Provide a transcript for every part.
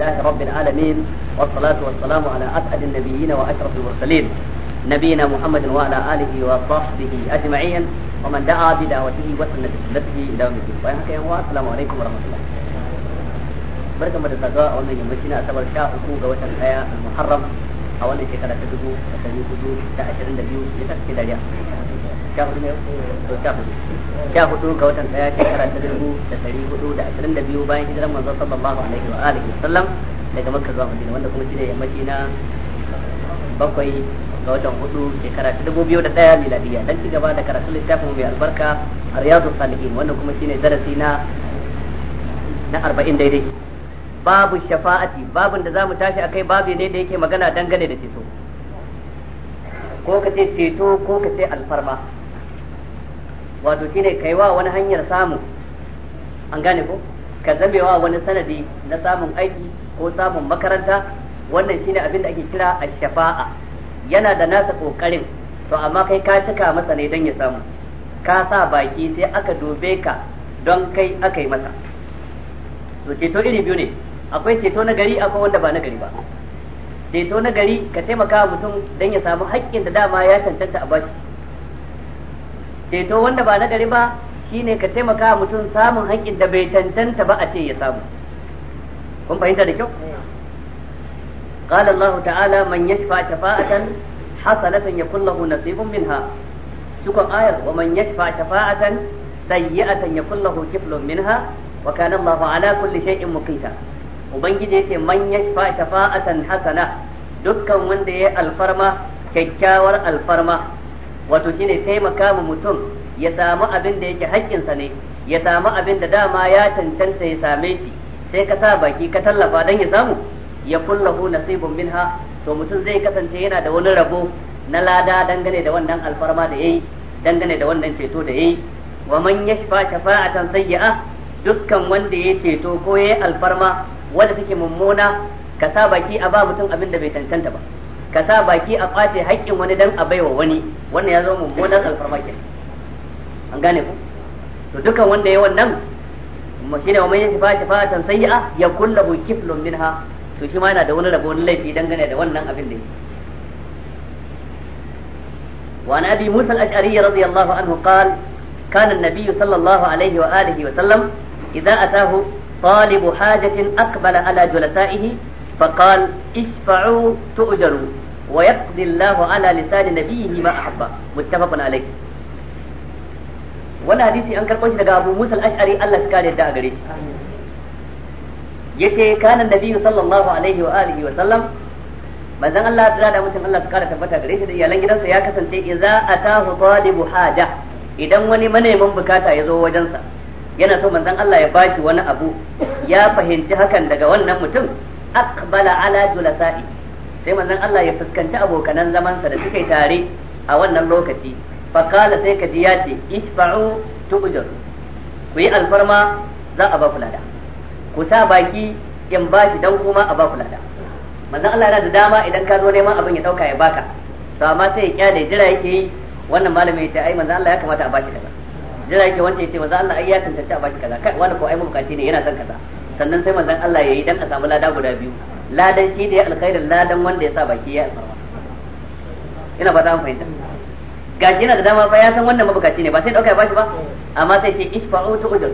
لله رب العالمين والصلاة والسلام على أسعد النبيين وأشرف المرسلين نبينا محمد وعلى آله وصحبه أجمعين ومن دعا بدعوته وسنة سنته إلى يوم الدين السلام عليكم ورحمة الله barkan da saka a wannan yammaci na asabar sha uku ga watan daya muharram a wannan shekara ta dubu da dari hudu da ashirin da biyu ya tafi dariya sha hudu ne ko sha ga watan daya shekara ta dubu da dari hudu da ashirin da biyu bayan hijiran manzon sallallahu alaihi wa alihi wa sallam daga makka zuwa madina wanda kuma shine yammaci na bakwai ga watan hudu shekara ta dubu biyu da daya miladiya dan ci gaba da karatun littafin mai albarka a riyadu salihin wanda kuma shine darasi na na arba'in daidai babu shafa'ati babin da zamu tashi akai babu ne da yake magana dangane da ceto ko ka ce ceto ko ka ce alfarma wato shine kai wa wani hanyar samu an gane ko ka zamewa wani sanadi na samun aiki ko samun makaranta wannan shine abin da ake kira a shafaa yana da nasa kokarin to amma kai ka cika masa ne don ya samu ka sa baki sai aka dobe ka don kai aka yi masa to ceto iri biyu ne akwai ceto na gari akwai wanda ba na gari ba ceto na gari ka taimaka mutum don ya samu haƙƙin da dama ya cancanta a bashi ceto wanda ba na gari ba shine ka taimaka mutum samun hankin da bai tantanta ba a ce ya samu kun fahimta da kyau قال الله تعالى من يشفع شفاعة حسنة يكون له نصيب منها شكر آية ومن يشفع شفاعة سيئة يكون له كفل منها وكان الله على كل شيء مقيتا ubangiji yake man yashfa shafa'atan hasana dukkan wanda ya alfarma kyakkyawar alfarma wato shine taimaka ma mutum ya samu abin da yake haƙƙinsa ne ya samu abin da dama ya cancanta ya same shi sai ka sa baki ka tallafa don ya samu ya kullahu nasibun minha to mutum zai kasance yana da wani rabo na lada dangane da wannan alfarma da yayi dangane da wannan ceto da yayi wa man yashfa shafa'atan sayyi'a dukkan wanda ya ceto ko yayi alfarma wanda take mummuna ka sa baki a ba mutum abin da bai cancanta ba ka sa baki a kwace haƙƙin wani dan a baiwa wani wannan ya zo mummunan alfarma ke an gane ku to dukan wanda ya wannan shine wa man yasfa shafa'atan sayyi'a ya kullahu kiflun minha to shi ma yana da wani rabo wani laifi dangane da wannan abin da yake وعن ابي موسى الاشعري رضي الله عنه قال كان النبي صلى الله عليه واله وسلم اذا اتاه طالب حاجه اقبل على جلسائه فقال اشفعوا تؤجروا ويقضي الله على لسان نبيه ما أحب متفق عليه wannan hadisi an karɓo shi daga Abu Musa al-Ash'ari Allah ya kare da gare shi yace kana nabiyyu sallallahu alaihi wa alihi wa sallam manzon Allah ya da mutum Allah ya kare tabbata gare shi da iyalan gidansa ya kasance idza atahu talibu haja idan wani maneman bukata ya zo wajen sa yana so manzon Allah ya bashi wani abu ya fahimci hakan daga wannan mutum aqbala ala julasa'i sai manzon Allah ya fuskanci abokanan zamansa da suka yi tare a wannan lokaci fa kala sai kaji ya ce isfa'u tubujur ku yi alfarma za a ba ku lada ku sa baki in ba shi dan kuma a ba ku lada manzon Allah yana da dama idan ka zo neman abin ya dauka ya baka to amma sai ya kyale jira yake yi wannan malami ya ce ai manzon Allah ya kamata a ba shi kaza jira yake wanda ya ce manzon Allah ai ya tantance a ba shi kaza kai wani ko ai bukaci ne yana son kaza sannan sai manzon Allah yayi dan a samu lada guda biyu ladan shi da ya alkhairin ladan wanda ya sa baki ya alfarma ina ba za mu fahimta ga yana da dama fa ya san wannan mabukaci ne ba sai dauka ya bashi ba amma sai ce isfa'u tu ujur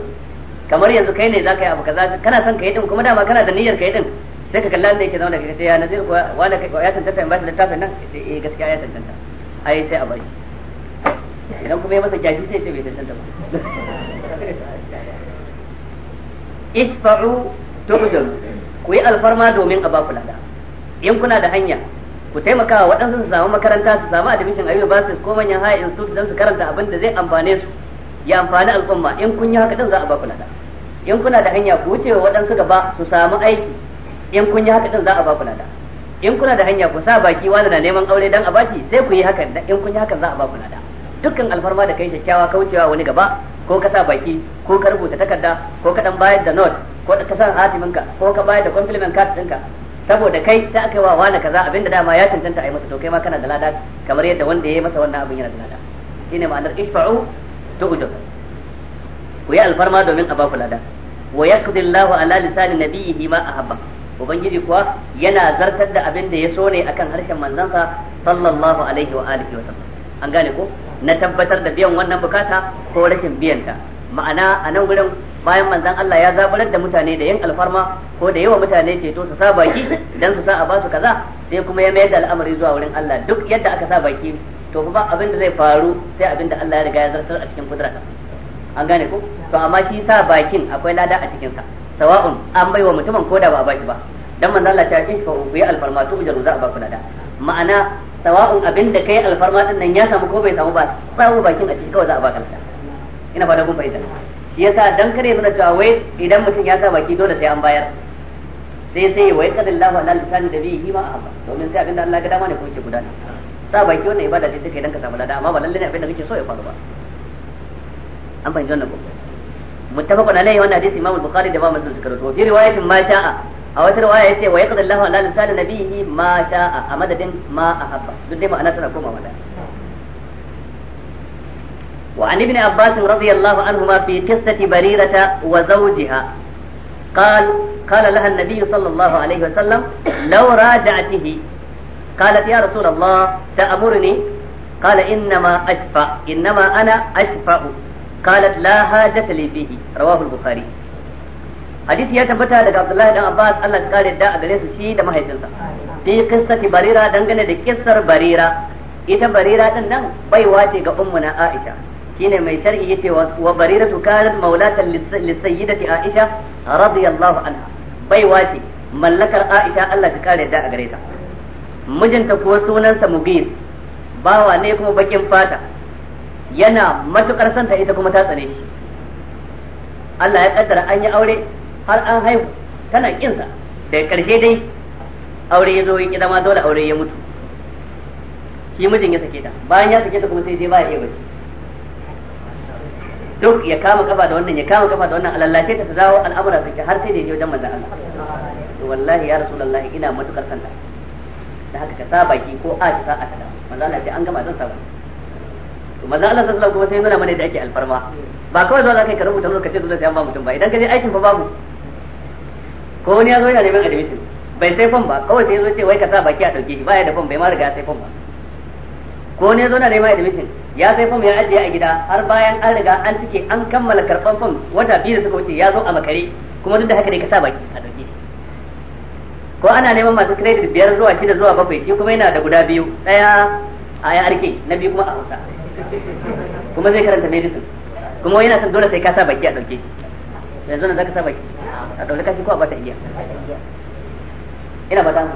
kamar yanzu kai ne zaka yi abu kaza kana son kai din kuma dama kana da niyyar kai din sai ka kalla da yake zauna kace ya nazir ko wanda kai ya tantance in bashi littafin nan eh gaskiya ya tantance ai sai a bashi idan kuma ya masa gashi sai ce bai tantance ba isfa'u tu'jaru ku yi alfarma domin a baku lada in kuna da hanya ku taimaka waɗansu su samu makaranta su samu admission a university ko manyan high institute don su karanta abin da zai amfane su ya amfani al'umma in kun yi haka din za a baku lada in kuna da hanya ku wuce waɗansu gaba su samu aiki in kun yi haka din za a baku lada in kuna da hanya ku sa baki wani na neman aure dan a baki sai ku yi haka in kun yi haka za a baku lada dukkan alfarma da kai kyakkyawa kaucewa wani gaba ko ka sa baki ko ka rubuta takarda ko ka dan bayar da note ko ka san hatiminka ko ka bayar da compliment card ɗinka saboda kai ta aka yi wa wani kaza abinda dama ya cancanta a yi masa to kai ma kana da lada kamar yadda wanda ya yi masa wannan abin yana da lada shine ma'anar ishfa'u ku yi alfarma domin a ba ku lada wa yakdi Allahu ala lisani nabiyhi ma ahabba ubangiji kuwa yana zartar da abin da ya so ne akan harshen manzansa sallallahu alaihi wa alihi wa sallam an gane ko na tabbatar da biyan wannan bukata ko rashin biyanta ma'ana a nan gurin bayan manzon Allah ya zabarar da mutane da yin alfarma ko da yawa mutane ceto su sa baki dan su sa a basu kaza sai kuma ya mayar da al'amari zuwa wurin Allah duk yadda aka sa baki to ba abin da zai faru sai abin da Allah ya riga ya zartar a cikin kudrata an gane ko to amma shi sa bakin akwai lada a cikin sa sawa'un an baiwa mutumin ko da ba baki ba dan manzon Allah ta ko ku yi alfarma to ujaru za a baku lada ma'ana sawa'un abin da kai alfarma din nan ya samu ko bai samu ba samu bakin a ciki kawai za a baka sa ina ba da gun fahimta shi yasa dan kare mu da cewa wai idan mutum ya sa baki dole sai an bayar sai sai wai qadallahu ala da bihi ma ahaba domin sai abinda Allah ga dama ne ko yake gudana sa baki wannan ibada ce take idan ka samu lada amma ba lalle ne abinda kake so ya faru ba an fahimci wannan ko muttafaqun alaihi wannan hadisi Imam Bukhari da ba Muslim suka rawaito fi riwayatin ma sha'a a wata riwaya yace wa yaqdi Allahu ala lisan nabihi ma sha'a a madadin ma ahabba duk dai ma'ana tana komawa da وعن ابن عباس رضي الله عنهما في قصة بريرة وزوجها قال قال لها النبي صلى الله عليه وسلم لو راجعته قالت يا رسول الله تأمرني قال إنما أشفع إنما أنا أشفع قالت لا حاجة لي فيه رواه البخاري hadisi ya tabbata daga Abdullahi dan Abbas Allah ya kare da a gare su shi da mahaifinsa fi qissati barira dangane da kissar barira ita barira din nan baiwa ce ga ummu na Aisha shine mai sharhi yace wa bariratu kanat maulatan lisayyidati Aisha radiyallahu anha baiwa ce mallakar Aisha Allah ya kare da a gare ta mijinta kuwa sunansa Mughir bawa ne kuma bakin fata yana matukar santa ita kuma ta tsane shi Allah ya kaddara an yi aure har an haihu tana kinsa daga karshe dai aure ya zo ya ki zama dole aure ya mutu shi mijin ya sake ta bayan ya sake ta kuma sai dai ba ya iya bacci duk ya kama kafa da wannan ya kama kafa da wannan alallace ta zawo dawo al'amura suke har sai da je wajen manzon Allah to wallahi ya rasulullah ina matukar sanda da haka ka sa baki ko a ki sa'a ta da manzon Allah sai an gama zan saba to manzon Allah sallallahu alaihi wasallam kuma sai nuna mana da ake alfarma ba kawai zo za ka rubuta ce zuwa sai an ba mutum ba idan ka je aikin fa babu ko wani ya zo yana neman admission bai sai fom ba kawai sai ya zo ce wai ka sa baki a sauke shi baya da fom bai ma riga sai fom ba ko wani ya zo yana neman admission ya sai fom ya ajiye a gida har bayan an riga an cike an kammala karban fom wata biyu da suka wuce ya zo a makare kuma duk da haka ne ka sa baki a sauke shi ko ana neman masu credit biyar zuwa shida zuwa bakwai shi kuma yana da guda biyu daya a yarke na biyu kuma a hausa kuma zai karanta medicine kuma yana son dole sai ka sa baki a sauke shi yanzu na zaka sa baki a ɗaure kashi ko ba ta iya ina ba mu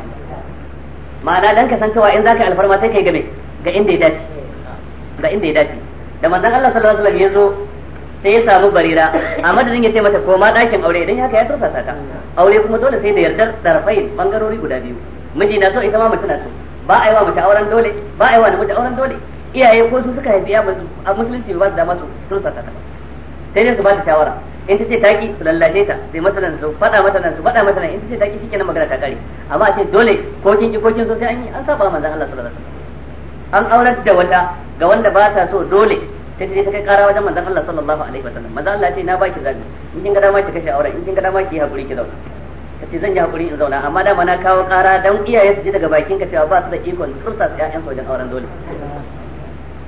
ma'ana dan ka san cewa in zaka alfarma sai kai game ga inda ya dace ga inda ya dace da manzon Allah sallallahu alaihi wasallam ya zo sai ya samu barira a madadin ya ce mata koma ɗakin aure idan haka ya tursasa ta aure kuma dole sai da yardar tarfain bangarori guda biyu miji na so ita ma mace na so ba a yi wa mace auren dole ba a yi wa namiji auren dole iyaye ko su suka haifi ya musulunci ba su dama su tursasa ta sai dai su ba ta shawara in ta ce ki su lallashe ta sai mata nan su faɗa mata nan su faɗa mata nan in ta ce taki shikenan magana ta kare amma a ce dole ko kin ki ko kin so sai an yi an saba manzon Allah sallallahu alaihi wasallam an aurar da wata ga wanda ba ta so dole ta je ta kai kara wajen manzon Allah sallallahu alaihi wasallam manzon Allah ce na baki zabi in kin ga dama ki kashe auren in kin ga dama ki hakuri ki zauna ce zan yi hakuri in zauna amma dama na kawo kara dan iyaye su je daga bakin ka cewa ba su da ikon tursa su ƴaƴan wajen auren dole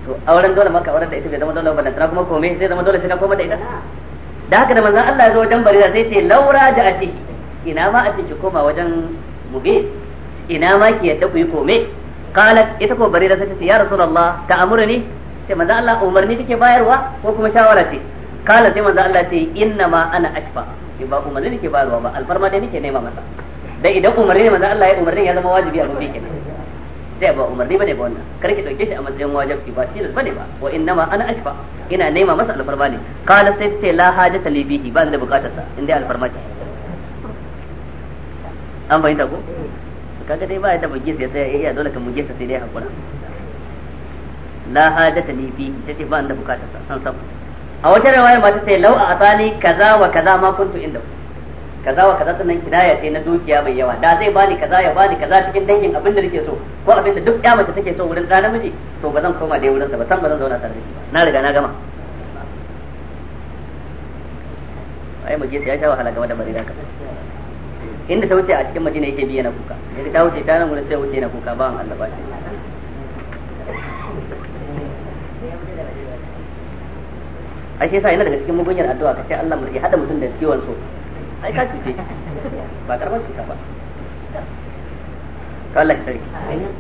to auren dole maka auren da ita bai zama dole ba lantana kuma kome zai zama dole sai ka koma da ita da haka da manzon Allah ya zo wajen barira sai ce laura da ati ina ma ati ki koma wajen mugis ina ma ki yadda ku yi kome kalat ita ko barira sai ce ya rasulullah ta amurni sai manzon Allah umarni take bayarwa ko kuma shawara ce kalat sai manzon Allah ce inna ma ana ashfa ki ba umarni nake bayarwa ba alfarma dai nake nema masa dan idan umarni ne manzon Allah ya umarni ya zama wajibi a gobe kenan sai ba umarni bane ba wannan kar ki dauke shi a matsayin wajibi ba shi bane ba wa ma ana ashfa ina nema masa alfarma ne kala sai ce la hajata li bihi ba da bukatar sa indai alfarma ce an fahimta ko kaga dai ba ya taba gisa sai eh, iya dole kan mu sai dai hakura la hajata li bihi tace ba da bukatar sa san san a wata riwaya ma ta ce lau a asani kaza wa kaza ma kuntu inda ku kaza wa kaza sannan kinaya ce na dukiya mai yawa da zai bani kaza ya bani kaza cikin dangin abin da nake so ko abin da duk ya mace take so wurin da namiji to ba zan koma dai wurin sa ba san ba zan zauna tare da shi na riga na gama ai mu je sai ya sha wahala game da marina ka inda ta wuce a cikin madina yake biya na kuka idan ta wuce ta nan wurin sai wuce na kuka ba an Allah ba shi ai sai sa yana daga cikin mugunyar addu'a ka ce Allah mu ya hada mutum da ciwon so ai ka cuce ba karban cuta ba to Allah sarki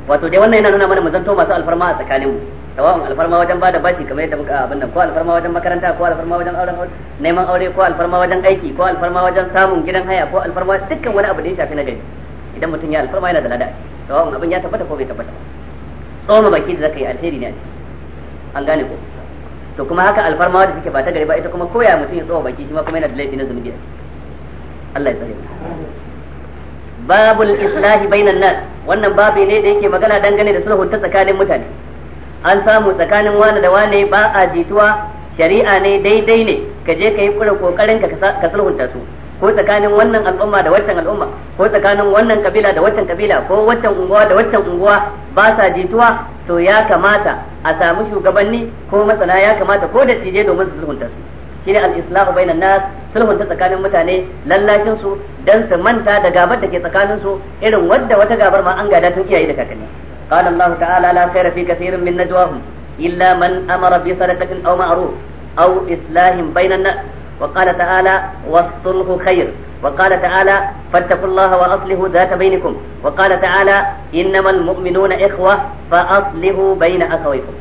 wato dai wannan yana nuna mana mu zanto masu alfarma a tsakaninmu tawawun alfarma wajen bada bashi kamar yadda muka abin nan ko alfarma wajen makaranta ko alfarma wajen auren neman aure ko alfarma wajen aiki ko alfarma wajen samun gidan haya ko alfarma dukkan wani abu da ya shafi na gari idan mutum ya alfarma yana da lada tawawun abin ya tabbata ko bai tabbata tsoma baki da zaka yi alheri ne an gane ko to kuma haka alfarma da suke ba ta gari ba ita kuma koya mutum ya tsoma baki shi ma kuma yana da laifi na zunubi a ciki Allah ya tsare babul islahi bainan nas wannan babu ne da yake magana dangane da sulhu ta tsakanin mutane an samu tsakanin wani da wani ba a jituwa shari'a ne daidai ne ka je ka yi kura kokarin ka ka sulhunta su ko tsakanin wannan al'umma da waccan al'umma ko tsakanin wannan kabila da waccan kabila ko waccan unguwa da waccan unguwa ba sa jituwa to ya kamata a samu shugabanni ko masana ya kamata ko da tije domin su sulhunta su shine al-islahu bainan nas sulhun ta tsakanin mutane lallashin su dan su manta da gabar da ke tsakanin su irin wadda wata gabar ma an gada tun iyaye da kakanni qala Allah ta'ala la khaira fi kaseerin min najwahum illa man amara bi sadaqatin aw ma'ruf aw islahin bainan nas wa qala ta'ala was-sulhu khair وقال تعالى فاتقوا الله وأصلحوا ذات بينكم وقال تعالى إنما المؤمنون إخوة فأصلحوا بين أخويكم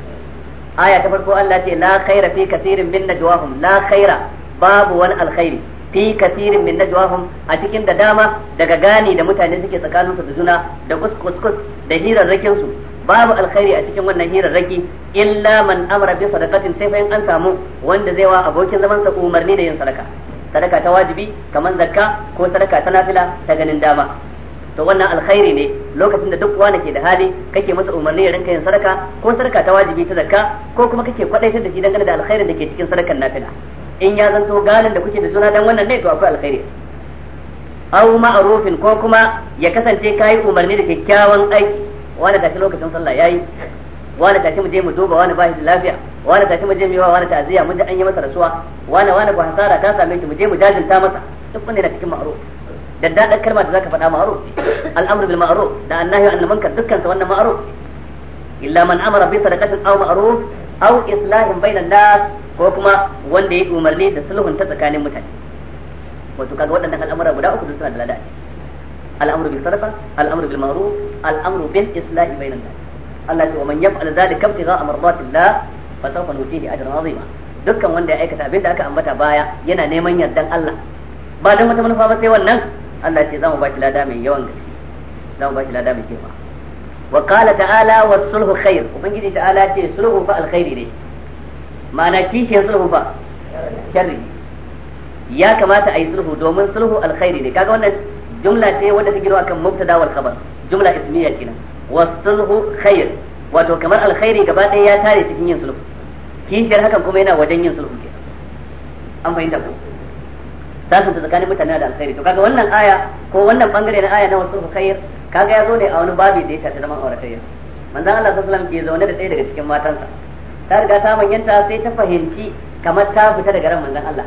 aya ta farko Allah ce la khaira fi kathirin min najwahum la khaira babu wani alkhairi fi kathirin min najwahum a cikin da dama daga gani da mutane suke tsakanin su da juna da kuskus da hirarrakin su babu alkhairi a cikin wannan hirarraki illa man amara bi sadaqatin sai fa in an samu wanda zai wa abokin zaman sa umarni da yin sadaka sadaka ta wajibi kamar zakka ko sadaka ta nafila ta ganin dama to wannan alkhairi ne lokacin da duk wani ke da hali kake masa umarni ya rinka yin sadaka ko sadaka ta wajibi ta zakka ko kuma kake kwadaitar da shi dangane da alkhairin da ke cikin sadakan nafila in ya zanto galin da kuke da juna dan wannan ne to akwai alkhairi au ma'rufin ko kuma ya kasance kai umarni da kyakkyawan aiki wani tashi lokacin sallah yayi wani tashi mu je mu duba wani bashi da lafiya wani tashi mu je mu yi wa wani ta'ziya mun ji an yi masa rasuwa wani wani ba hasara ta same shi mu je mu jajinta masa duk wanda da cikin ma'ruf daddaɗar kalma da zaka faɗa ma'ruf al'amru bil ma'ruf da annahi anil munkar dukkan sa wannan ma'ruf illa man amara bi sadaqatin aw ma'ruf aw islahin bainan nas ko kuma wanda ya umarni da sulhun ta tsakanin mutane wato kaga waɗannan al'amura guda uku suna da lada al'amru bil sadaqa al'amru bil ma'ruf al'amru bil islahi bainan nas Allah ce wa man yaf'al zalika ibtigha'a mardatillah fa sawfa nutihi ajran 'azima dukkan wanda ya aikata abinda aka ambata baya yana neman yardan Allah ba dan wata manufa ba sai wannan Allah ce za mu baki lada mai yawan gaske za mu baki lada mai kefa wa qala ta'ala was sulhu khair ubangiji ta'ala ce sulhu fa alkhairi ne ma'ana kishiyar sulhu fa sharri ya kamata a yi sulhu domin sulhu alkhairi ne kaga wannan jumla ce wanda ta gino akan mubtada wal khabar jumla ismiya kenan was sulhu khair wato kamar alkhairi gaba ɗaya ya tare cikin yin sulhu kishiyar hakan kuma yana wajen yin sulhu kenan an fahimta ko sasanta tsakanin mutane da alkhairi to kaga wannan aya ko wannan bangare na aya na wasu khair kaga ya zo ne a wani babi da ya tafi zaman auratayya manzon Allah sallallahu alaihi wasallam ke zaune da ɗaya daga cikin matansa ta riga ta manyanta sai ta fahimci kamar ta fita daga ran manzon Allah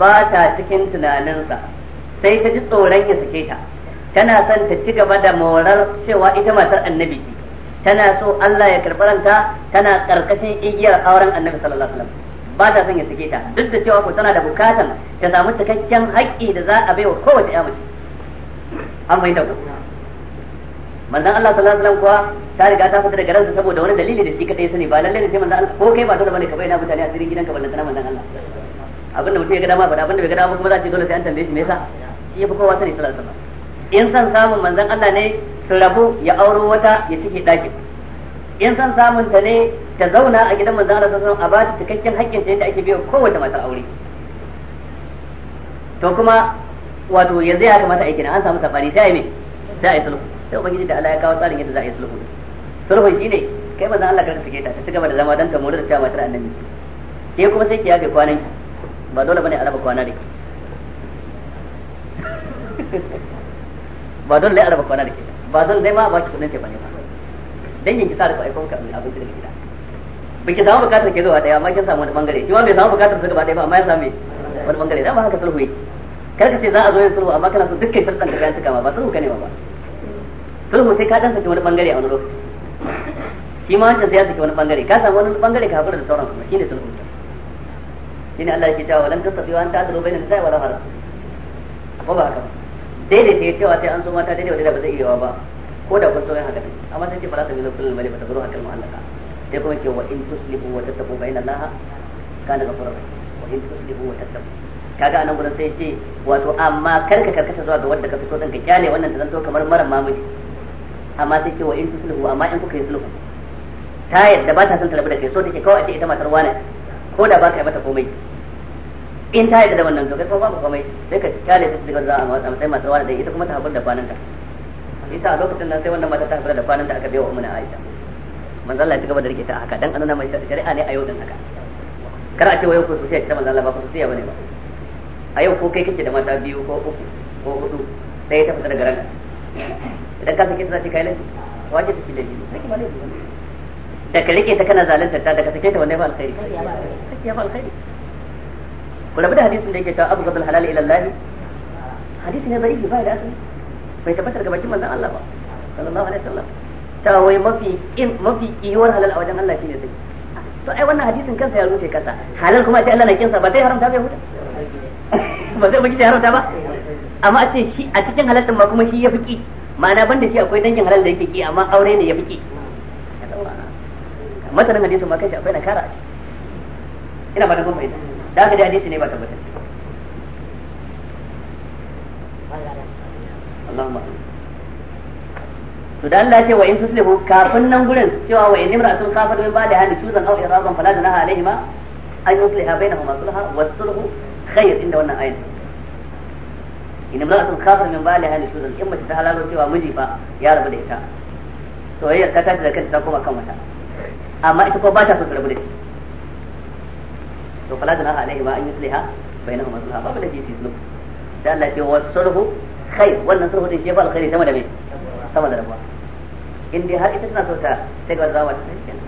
ba ta cikin tunaninsa sai ta ji tsoron ya sake ta tana son ta ci gaba da morar cewa ita matar annabi ce tana so Allah ya karɓaranta tana karkashin igiyar auren annabi sallallahu alaihi wasallam ba ta son ya sake ta duk da cewa ko tana da bukatan ta samu cikakken haƙƙi da za a bai wa kowace ya mace an bai dauka manzon Allah sallallahu alaihi wasallam kuwa ta riga ta fita daga ransa saboda wani dalili da shi kadai sani ba lalle ne sai manzon Allah ko kai ba dole bane ka bayyana mutane a cikin gidanka ballan kana manzon Allah da mutum ya ga dama faɗa da bai ga dama kuma za a ce dole sai an tambaye shi me yasa shi ya fi kowa sani sallallahu alaihi wasallam in san samun manzon Allah ne su rabu ya auro wata ya cike ɗakin in san samun ta ne ta zauna a gidan manzon Allah sallallahu alaihi wasallam a ba ta cikakken haƙƙin ta yadda ake biyo kowace matar aure to kuma wato yanzu ya kamata aiki na an samu sabani sai me sai yi sulhu sai ubangiji da Allah ya kawo tsarin yadda za a yi sulhu sulhu shine kai manzon Allah karka sake ta ta cigaba da zama dan ta mura da ta matar annabi ke kuma sai ki yafe kwanan ki ba dole bane a raba kwana da ki ba dole ne a raba kwana da ke ba dole ne ma ba ki kudin ke bane ba dangin ki sa da ku ka muka abinci daga gida biki samu bukatar ke zuwa daya amma kin samu wani bangare shi ma bai samu bukatar su gaba daya ba amma ya same wani bangare dama haka sulhu yi kar ka ce za a zo yin sulhu amma kana so dukkan sharɗan ka kayan kama ba sulhu ka ba sulhu sai ka dan ki wani bangare a wani lokaci shi ma wancan sai ya saki wani bangare ka samu wani bangare ka hakura da sauran kuma shine sulhu shine Allah yake cewa walan tasbiwa an ta'dilu bainan nisa'i wala haraj ko ba haka daidai sai cewa sai an zo mata daidai wanda ba zai iya ba ko da kun tsoron haka amma sai ce fara sabilu lalmari ba ta zuru hakan mu'allaka sai kuma ke wa in tuslihu wa tattabu fa Allah ka daga furar rahim wa in tuslihu wa tattabu kaga anan gurin sai ce wato amma karka karkata zuwa ga wanda ka fito din ka kyale wannan ta zanto kamar mara mamaki amma sai ce wa in tuslihu amma in kuka yi sulhu ta yadda ba ta son ta rabu da kai so take kawai a ce ita matar wani ko da ba ka yi mata komai in ta yadda da wannan to kai kuma ba komai sai ka kyale ta daga zuwa a matsayin matar wani da ita kuma ta haɓar da kwanan ka isa a lokacin nan sai wannan mata ta hakura da kwanan da aka bai wa umma Aisha manzo Allah ya ci gaba da rike ta haka dan nuna mai shari'a ne a yau din haka kar a ce wai ko sosai ta manzo Allah ba ko ya bane ba a yau ko kai kake da mata biyu ko uku ko hudu sai ta fita daga ranka idan ka sake ta ce kai laifi wace take laifi sai ma laifi da ka rike ta kana zalunta ta da ka sake ta wannan ba alkhairi sake ya ba alkhairi ku rabu da hadisin da yake cewa abu gabal halal ila Allah hadisi ne bai ba da asali bai tabbatar ga bakin manzon Allah ba sallallahu alaihi wasallam ta wai mafi in mafi kiyuwar halal a wajen Allah shine sai to ai wannan hadisin kansa ya rufe kasa halal kuma sai Allah na kinsa ba sai haramta bai huta ba sai baki haramta ba amma a ce shi a cikin halal din ma kuma shi ya fiki ma'ana banda shi akwai dangin halal da yake ki amma aure ne ya fiki masanin hadisin ma kashi akwai na kara ina ba da gwamnati da haka dai hadisi ne ba tabbatar Allahumma to da Allah ce wa in tuslihu kafin nan gurin cewa wa min hadi aw fala alaihima bainahuma sulha inda wannan in min hadi in mace ta halalo cewa miji fa ya rabu da ita to ta tashi da kanta ta koma kan wata amma ita ko ba ta so ta rabu da shi to fala alaihima bainahuma sulha da shi da Allah ce kai wannan sulhu din shi alkhairi sama da me sama da rabuwa in dai har ita tana so ta sai ga ta cikin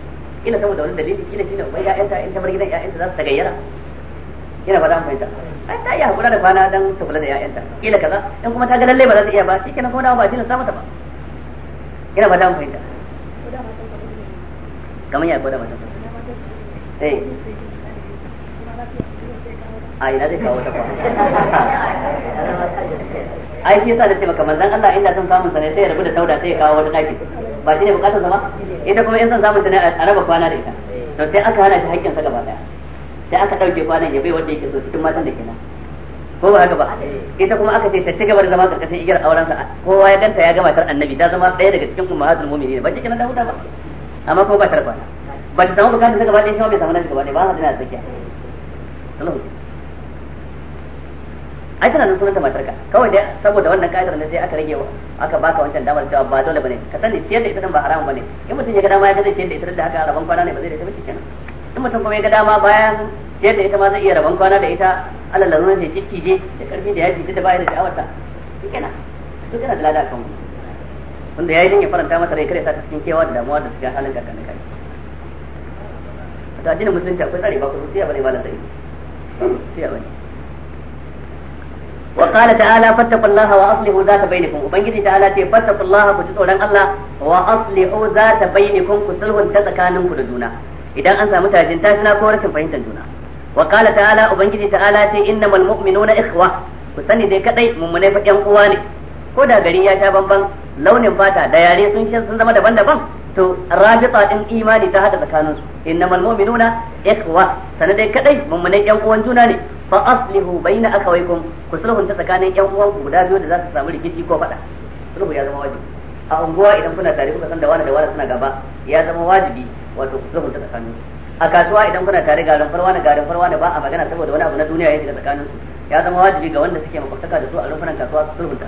ina saboda wani dalili shine bai in ta bar gidan ya'yanta za su tagayyara ina ba za mu fahimta ai ta iya hakura da dan ta kula da ya'yanta kaza in kuma ta ga lalle ba za ta iya ba shikenan kuma dawo ba ba ina ba za mu fahimta kamar ya ko da mata eh a ina zai kawo takwa kwa ai shi yasa da ce maka manzon Allah inda son samun sa ne sai ya rabu da tauda sai ya kawo wani daki ba shine bukatar sa ba ita kuma in son samun ta ne a raba kwana da ita to sai aka hana shi haƙƙin sa gaba daya sai aka dauke kwanan ya bai wanda yake so cikin matan da kenan ko ba haka ba ita kuma aka ce ta ci gaba da zama karkashin igiyar auren sa kowa ya ganta ya gama tar annabi ta zama ɗaya daga cikin ummahatul mu'minin ba cikin dauda ba amma kuma ba tar kwana ba ta samu bukatar sa gaba daya shi ba bai samu nashi gaba daya ba ha da tsakiya ai tana nan sunanta matarka kawai dai saboda wannan ka'idar ne sai aka rage aka baka wancan damar cewa ba dole bane ka sani ciyar da ita dan ba haramun bane in mutum ya ga dama ya gaza ciyar da ita da haka rabon kwana ne ba zai da ita ba kenan in mutum kuma ya ga dama bayan ciyar da ita ma zai iya rabon kwana da ita alal da ne sai ciki je da karfi da yaji da bayar da sha'awarta kenan to kana da lada kan wanda yayi din ya faranta masa rai kare sa cikin kewa da damuwa da cikin halin kakan kai to addinin musulunci akwai tsari ba ku sai bane ne malam sai sai ba ne وقال تعالى فاتقوا الله واصلحوا ذات بينكم وبنجي tsoron Allah فاتقوا الله كتسورن الله واصلحوا ذات بينكم كسلهن تسكانكم da juna idan an samu tajin tashina ko rashin fahimtar juna wa qala ta'ala ubangiji ta'ala ce innamal mu'minuna ikhwa ku sani dai kadai mummunai yan uwa ne ko da gari ya sha bamban launin fata da yare sun shin sun zama daban-daban to rabita din imani ta hada tsakaninsu innamal mu'minuna ikhwa sanadai kadai mummunai yan uwan juna ne fa aslihu bayna akawaykum ku sulhunta tsakanin yan uwanku guda biyu da za su samu rikici ko faɗa sulhu ya zama wajibi a unguwa idan kuna tare kuka san da wani da wani suna gaba ya zama wajibi wato ku sulhunta tsakanin a kasuwa idan kuna tare garin farwa na garin farwa na ba a magana saboda wani abu na duniya ya shiga tsakanin su ya zama wajibi ga wanda suke makwataka da su a rumfunan kasuwa su sulhunta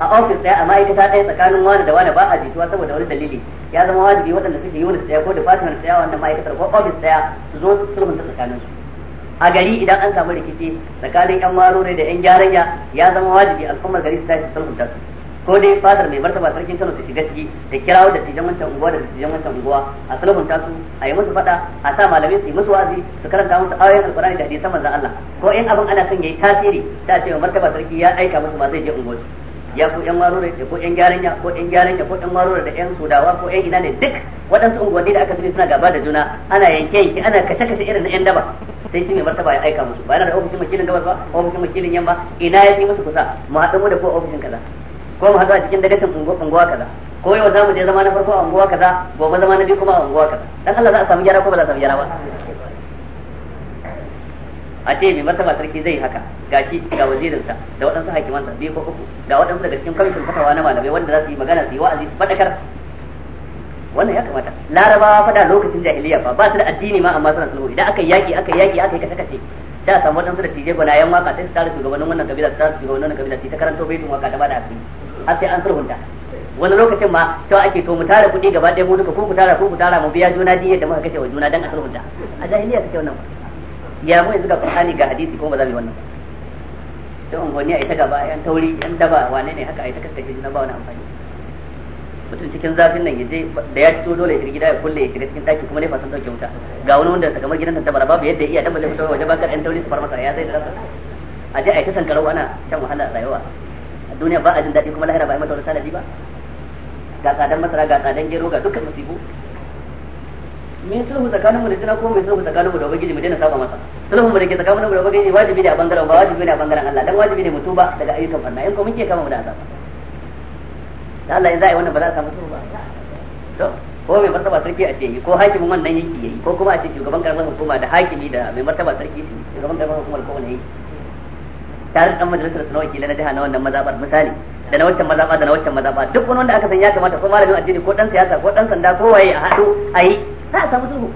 a ofis ɗaya a ma'aikata ɗaya tsakanin wani da wani ba a jituwa saboda wani dalili ya zama wajibi waɗanda suke yi wani tsaya ko department tsaya wannan ma'aikatar ko ofis ɗaya su zo su ta tsakanin su a gari idan an samu rikici tsakanin yan marore da yan gyaranya ya zama wajibi al'ummar gari su tashi sulhun tasu. ko dai fadar mai martaba sarkin Kano ta shiga ciki da kirawo da tijan wancan unguwa da tijan wancan unguwa a sulhunta su a yi musu fada a sa malamai su yi musu wazi su karanta musu ayoyin alqur'ani da hadisan manzon Allah ko in abin ana son yi tasiri ta ce martaba sarki ya aika musu ba zai je unguwa ya ko yan marore da ko yan gyaranya ko yan gyaranya ko yan marore da yan sudawa ko yan ina ne duk waɗansu unguwanni da aka sani suna gaba da juna ana yanke yanke ana kace kace irin na yan daba sai shi mai martaba ya aika musu ba yana da ofishin wakilin gabas ba ofishin wakilin yamma ina ya fi musu kusa mu haɗu mu da ko ofishin kaza ko mu haɗu a cikin dagacin unguwa kaza ko yau za mu je zama na farko a unguwa kaza gobe zama na biyu kuma a unguwa kaza dan Allah za a samu gyara ko ba za a samu gyara ba a ce mai martaba sarki zai haka shi ga wazirinsa da waɗansu hakimansa biyu ko uku ga waɗansu daga cikin kwamishin fatawa na malamai wanda za su yi magana su yi wa'azi su faɗakar wannan ya kamata larabawa fada lokacin jahiliya fa ba su da addini ma amma suna sulhu idan aka yaki aka yaki aka yi kace kace da samu waɗansu da tije gwana yan waka sai su tare shugabannin wannan kabila su tare shugabannin wannan kabila su ta karanto baitin waka da ba da asiri har sai an sulhunta wani lokacin ma cewa ake to mu tara kuɗi gaba ɗaya mu duka ko ku tara ko ku tara mu biya juna diyyar da muka kace wa juna dan a sulhunta a jahiliya take wannan ya mu yanzu ga qur'ani ga hadisi ko ba za mu yi wannan sai unguwanni a ita gaba yan tauri yan daba wane ne haka a ita kaskace juna ba wani amfani mutum cikin zafin nan ya da ya fito dole ya shiga gida ya kulle ya shiga cikin daki kuma ne fasan dauke wuta ga wani wanda kamar gidan nan tabara babu yadda iya dan ba zai fito waje ba ka yan tauri su far masa ya zai da ransa a je a ita sankarau ana shan wahala rayuwa a duniya ba a jin daɗi kuma lahira ba a yi mata wani sanadi ba ga tsadan masara ga tsadan gero ga dukkan musibu me sulhu tsakanin mu da juna ko mai sulhu tsakanin mu da ubangiji mu daina saba masa mu da ne a bangaren ba wajibi ne a bangaren Allah dan wajibi ne mu daga ayyukan in ko muke kama mu da azaba Allah zai wannan ba za a samu to ko mai martaba sarki a ce ko hakimin wannan yake ko kuma a ce shugaban karamar hukuma da hakimi da mai martaba sarki shugaban karamar hukumar ko wani tare da majalisar na jiha na wannan mazabar misali da na waccan mazaba da na waccan mazaba duk wani wanda aka san ya kamata ko malamin addini ko dan siyasa ko dan sanda ko waye a haɗu a yi za a samu sulhu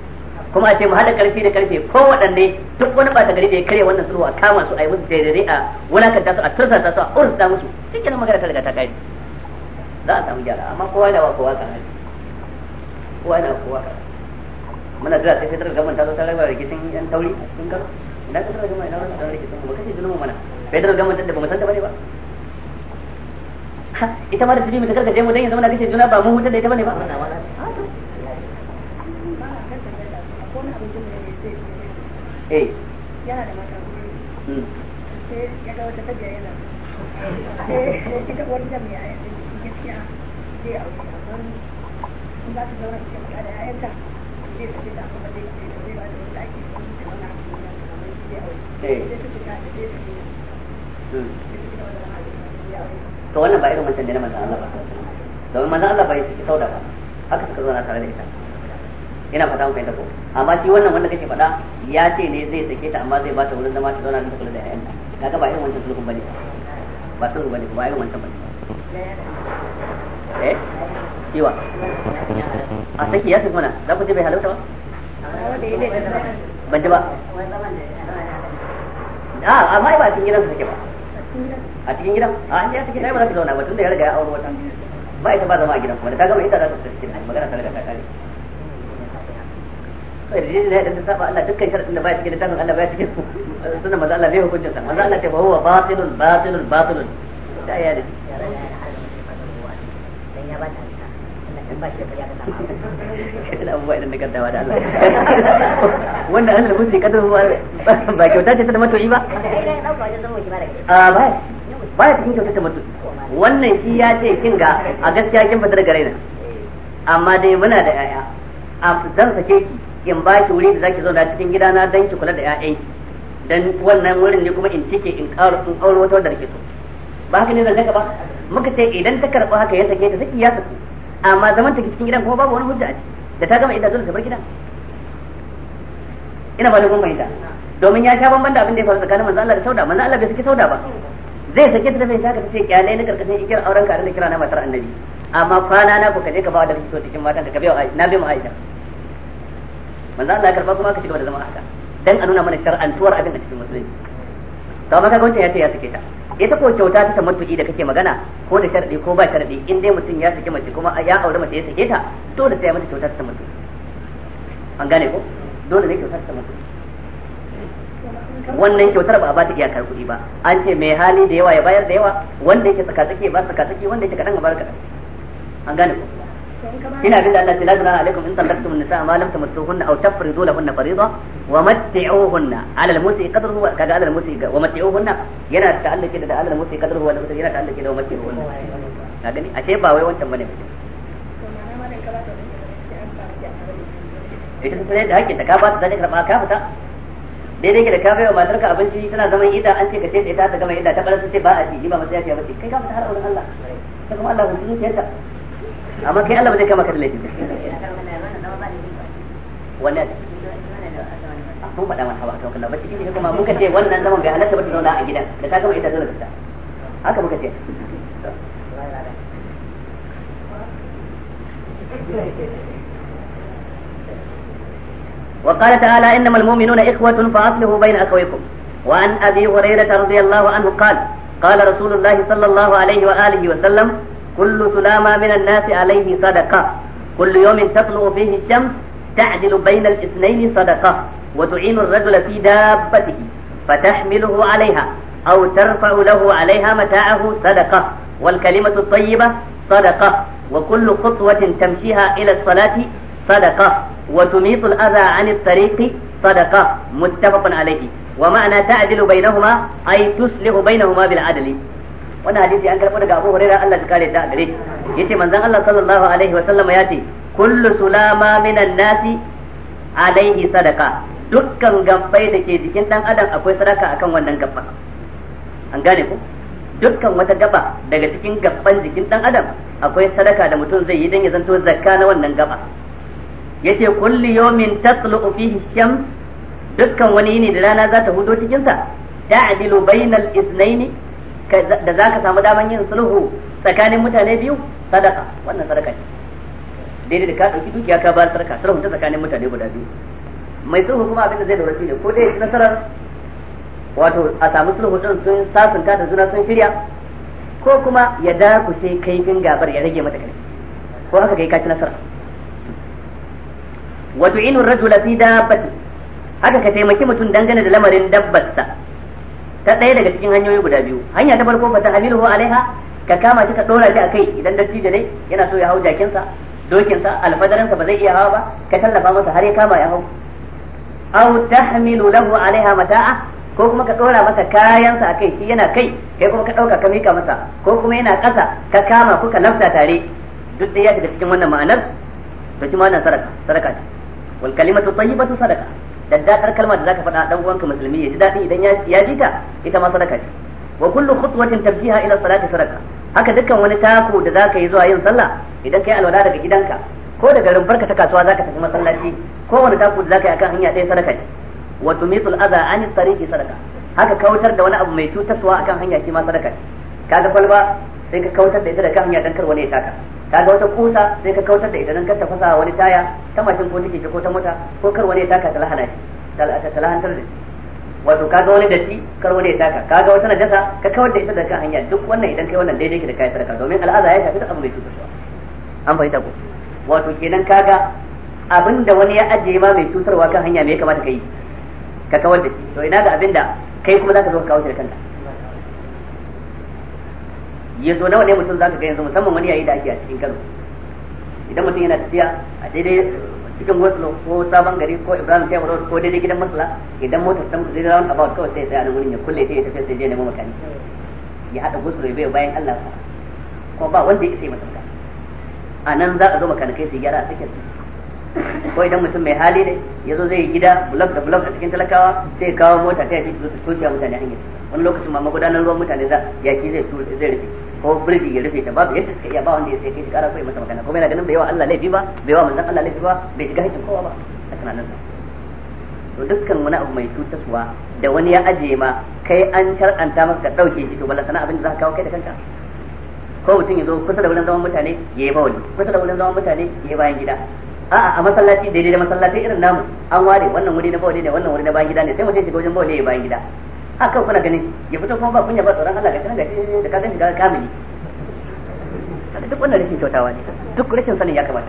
kuma a ce mu hada karfi da karfe ko waɗanne duk wani ɓata gari da ya karya wannan sulhu a kama su a yi musu daidai a wulakanta su a tursasa su a ursa musu yana magana ta riga ta kai za a samu gyara amma kowa da wa kowa kan kowa da kowa kan muna jira sai fitar gaban ta zo ta rabar rikicin yan tauri a cikin karo ina ka tara gama ina wannan dan rikicin kuma kace zulmu mana fitar gaban ta da ba mu san ta bane ba ita ma da su ji ta karkace mu dan ya zama ce juna ba mu hutar da ita bane ba eh yana da mata gudu hmm. ya ga wata tajiya yana sai ita uwar gidan mai ayyana gaskiya zai auki amma in za ta da ayyanta zai tafi da kuma zai tafi zai ba da wata ake da wani kamar na eh. ta fita da zai hmm. to wannan ba irin mutum ne na manzan Allah ba domin manzan Allah bai saki sauda ba haka suka zauna tare da ita ina fata mun fahimta ko amma shi wannan wanda kake faɗa ya ce ne zai sake ta amma zai bata wurin zama ta zauna ta kula da ta kaga ba irin wancan sulhun bane ba sulhu bane ba irin wancan bane eh kiwa a saki ya tafi mana za ku ce bai halauta ba ban ji ba a amma ba a cikin gidan su take ba a cikin gidan a an ya cikin ai ba za ta zauna ba tunda ya riga ya aure wata ba ita ba zama a gidan kuma da ta gama ita za ta cikin magana ta riga ta kare yarjejeniya Allah dukkan sharadin da baya cikin littafin Allah baya cikin suna Maza Allah sa maza Allah ta huwa batilun batilun batilun da ya da wanda kadar ba kyauta ce ta da matoyi ba a cikin kyauta ta matoyi wannan shi ya ce kin ga a gaskiya kin fitar gare na amma dai muna da yaya zan sake ki in ba ki wuri da zaki zauna cikin gidana dan ki kula da ƴaƴanki dan wannan wurin ne kuma in cike in ƙaro in aure wata wadda so ba haka ne zan daga ba muka ce idan ta karɓa haka ya sake ta saki ya saku amma zaman ta cikin gidan kuma babu wani hujja a ciki da ta gama idan zo ta bar gidan ina ba da kuma ita domin ya sha bamban da abin da ya faru tsakanin manzo Allah da Sauda manzo Allah bai saki Sauda ba zai sake ta da bai saka sai ce kyalai na karkashin igiyar auren ka da kira na matar annabi amma kwana na ku kaje ka ba da kike so cikin matan ka bai na biyo mu Aisha manzo Allah ya karba kuma ka cigaba da zama haka dan a nuna mana shar'antuwar abin a cikin musulunci to amma kaga wancan ya ce ya sake ta ita ko kyauta ta tamattu'i da kake magana ko da sharadi ko ba sharadi in dai mutum ya sake mace kuma ya aure mace ya sake ta dole sai ya mata kyauta ta tamattu'i an gane ko dole ne kyauta ta tamattu'i wannan kyautar ba a ba ta iyakar kuɗi ba an ce mai hali da yawa ya bayar da yawa wanda yake tsaka-tsaki ba tsaka-tsaki wanda yake kaɗan a bar kaɗan an gane ko ina bin da Allah ce la junaha alaikum in tallaqtum an-nisaa ma lam tamassuhunna aw tafridu lahunna fariida wa matti'uhunna 'ala al-musi'i qadruhu wa kaga 'ala al-musi'i wa matti'uhunna yana ta'alluki da 'ala al-musi'i qadruhu wa yana ta'alluki da wa matti'uhunna ka gani ashe ba wai wancan bane ita ta tsaye da hakki ta ka ba ta zai karba ka fita daidai ke da ka baiwa matarka abinci tana zama ida an ce ka ce ta ta gama ida ta bar ce ba a ci ni ba matsaya ce ba ce kai ka fita har auren Allah ta kuma Allah hukunci ta amma kai Allah ba zai kama ka da laifi wannan mun faɗa mata ba kawai ba cikin ne kuma muka ce wannan zaman bai halatta ba ta zauna a gidan da ta gama ita zauna ta haka muka ce وقال تعالى إنما المؤمنون إخوة فأصلحوا بين أخويكم وعن أبي هريرة رضي الله عنه قال قال رسول الله صلى الله عليه وآله وسلم كل سلامة من الناس عليه صدقة كل يوم تطلع فيه الشمس تعدل بين الاثنين صدقة وتعين الرجل في دابته فتحمله عليها أو ترفع له عليها متاعه صدقة والكلمة الطيبة صدقة وكل خطوة تمشيها إلى الصلاة صدقة وتميط الأذى عن الطريق صدقة متفق عليه ومعنى تعدل بينهما أي تصلح بينهما بالعدل wannan hadisi an karɓo daga Abu Hurairah Allah ya kare da gare yace manzon Allah sallallahu alaihi wa sallama yace kullu sulama minan nasi alaihi sadaka dukkan gabbai da ke jikin dan adam akwai sadaka akan wannan gabba an gane ko dukkan wata gaba daga cikin gabban jikin dan adam akwai sadaka da mutum zai yi dan ya zanto zakka na wannan gaba yace kulli yawmin taslu fihi shams dukkan wani yini da rana za ta hudo cikin sa ta'dilu bainal ithnaini da za ka samu daman yin sulhu tsakanin mutane biyu sadaka wannan sadaka ce daidai da ka ɗauki dukiya ka bayar sadaka sulhu ta tsakanin mutane guda biyu mai sulhu kuma abin da zai lura ne ko dai nasarar wato a samu sulhu din sun ka da juna sun shirya ko kuma ya dakushe kaifin gabar ya rage mata kai ko haka kai ka ci nasara wato inu rajula fi dabbati haka ka taimaki mutum dangane da lamarin dabbarsa ta ɗaya daga cikin hanyoyi guda biyu hanya ta farko fata hamiluhu alaiha ka kama shi ka dora shi akai idan dattijo ne yana so ya hau jakinsa dokinsa alfadaransa ba zai iya hawa ba ka tallafa masa har ya kama ya hau aw tahmilu lahu alaiha mata'a ko kuma ka dora masa kayansa akai shi yana kai kai kuma ka dauka ka mika masa ko kuma yana ƙasa ka kama ko ka nafsa tare duk da ya shiga cikin wannan ma'anar to shi ma wannan sadaka sadaka ce wal kalimatu tayyibatu sadaka daddadar kalma da zaka faɗa dan uwanka musulmi ya ji daɗi idan ya ji ta ita ma sadaka ce wa kullu khutwatin tamshiha ila salati sadaka haka dukkan wani tako da zaka yi zuwa yin sallah idan kai alwala daga gidanka ko daga rumfarka ta kasuwa zaka tafi masallaci ko wani tako da zaka yi akan hanya ɗaya sadaka ce wa tumitul adha an tariqi sadaka haka kautar da wani abu mai cutaswa akan hanya shi ma sadaka ce kaga kwalba sai ka kautar da ita da kan hanya dan kar wani ya taka kaga wata kusa sai ka kautar da ita nan kar ta fasa wani taya ta mashin ko take ko ta mota ko kar wani ya taka ta lahana shi ta lahantar da shi wato kaga wani datti kar wani ya taka kaga wata najasa ka kawar da ita daga kan hanya duk wannan idan kai wannan daidai ki da kai sarka domin al'ada ya shafi da abu mai cutarwa an fahimta ko wato kenan kaga abinda wani ya ajiye ma mai cutarwa kan hanya me ya kamata kai ka kawar da shi to ina ga abinda kai kuma zaka zo ka kawo shi da kanka zo nawa ne mutum za ka ga yanzu musamman wani yayi da ake a cikin Kano idan mutum yana tafiya a daidai cikin Goslo ko Sabon Gari ko Ibrahim Tayyip Road ko daidai gidan Masala idan motar ta mutu daidai round about kawai sai sai a wurin ya kulle ta ya tafi sai je nemo makani ya hada Goslo ya bai bayan Allah ko ba wanda ya sai masa a nan za a zo makanikai su gyara a cikin ko idan mutum mai hali ne ya zo zai gida blok da blok a cikin talakawa sai kawo mota ta yi su toshe mutane hanyar wani lokacin ma magudanar ruwan mutane za yaki zai rufe ko birji ya rufe ta babu yadda suka iya ba wanda ya sai kai kara ko ya masa magana kuma yana ganin bai wa Allah laifi ba bai wa manzon Allah laifi ba bai shiga hakkin kowa ba a tunanin sa to dukkan wani abu mai cutarwa da wani ya ajiye ma kai an shar'anta maka ka dauke shi to balla sana abin da za ka kawo kai da kanka ko mutum ya zo kusa da wurin zaman mutane ya yi bawali kusa da wurin zaman mutane ya yi bayan gida a'a a masallaci daidai da masallaci irin namu an ware wannan wuri na bawali ne wannan wuri na bayan gida ne sai mutum shiga wajen bawali ya yi bayan gida haka kuna ganin ya fito kuma ba kunya ba tsoron Allah ga ga shi da ka gani ga kamili kada duk wannan rashin kyautawa ne duk rashin sanin ya kamata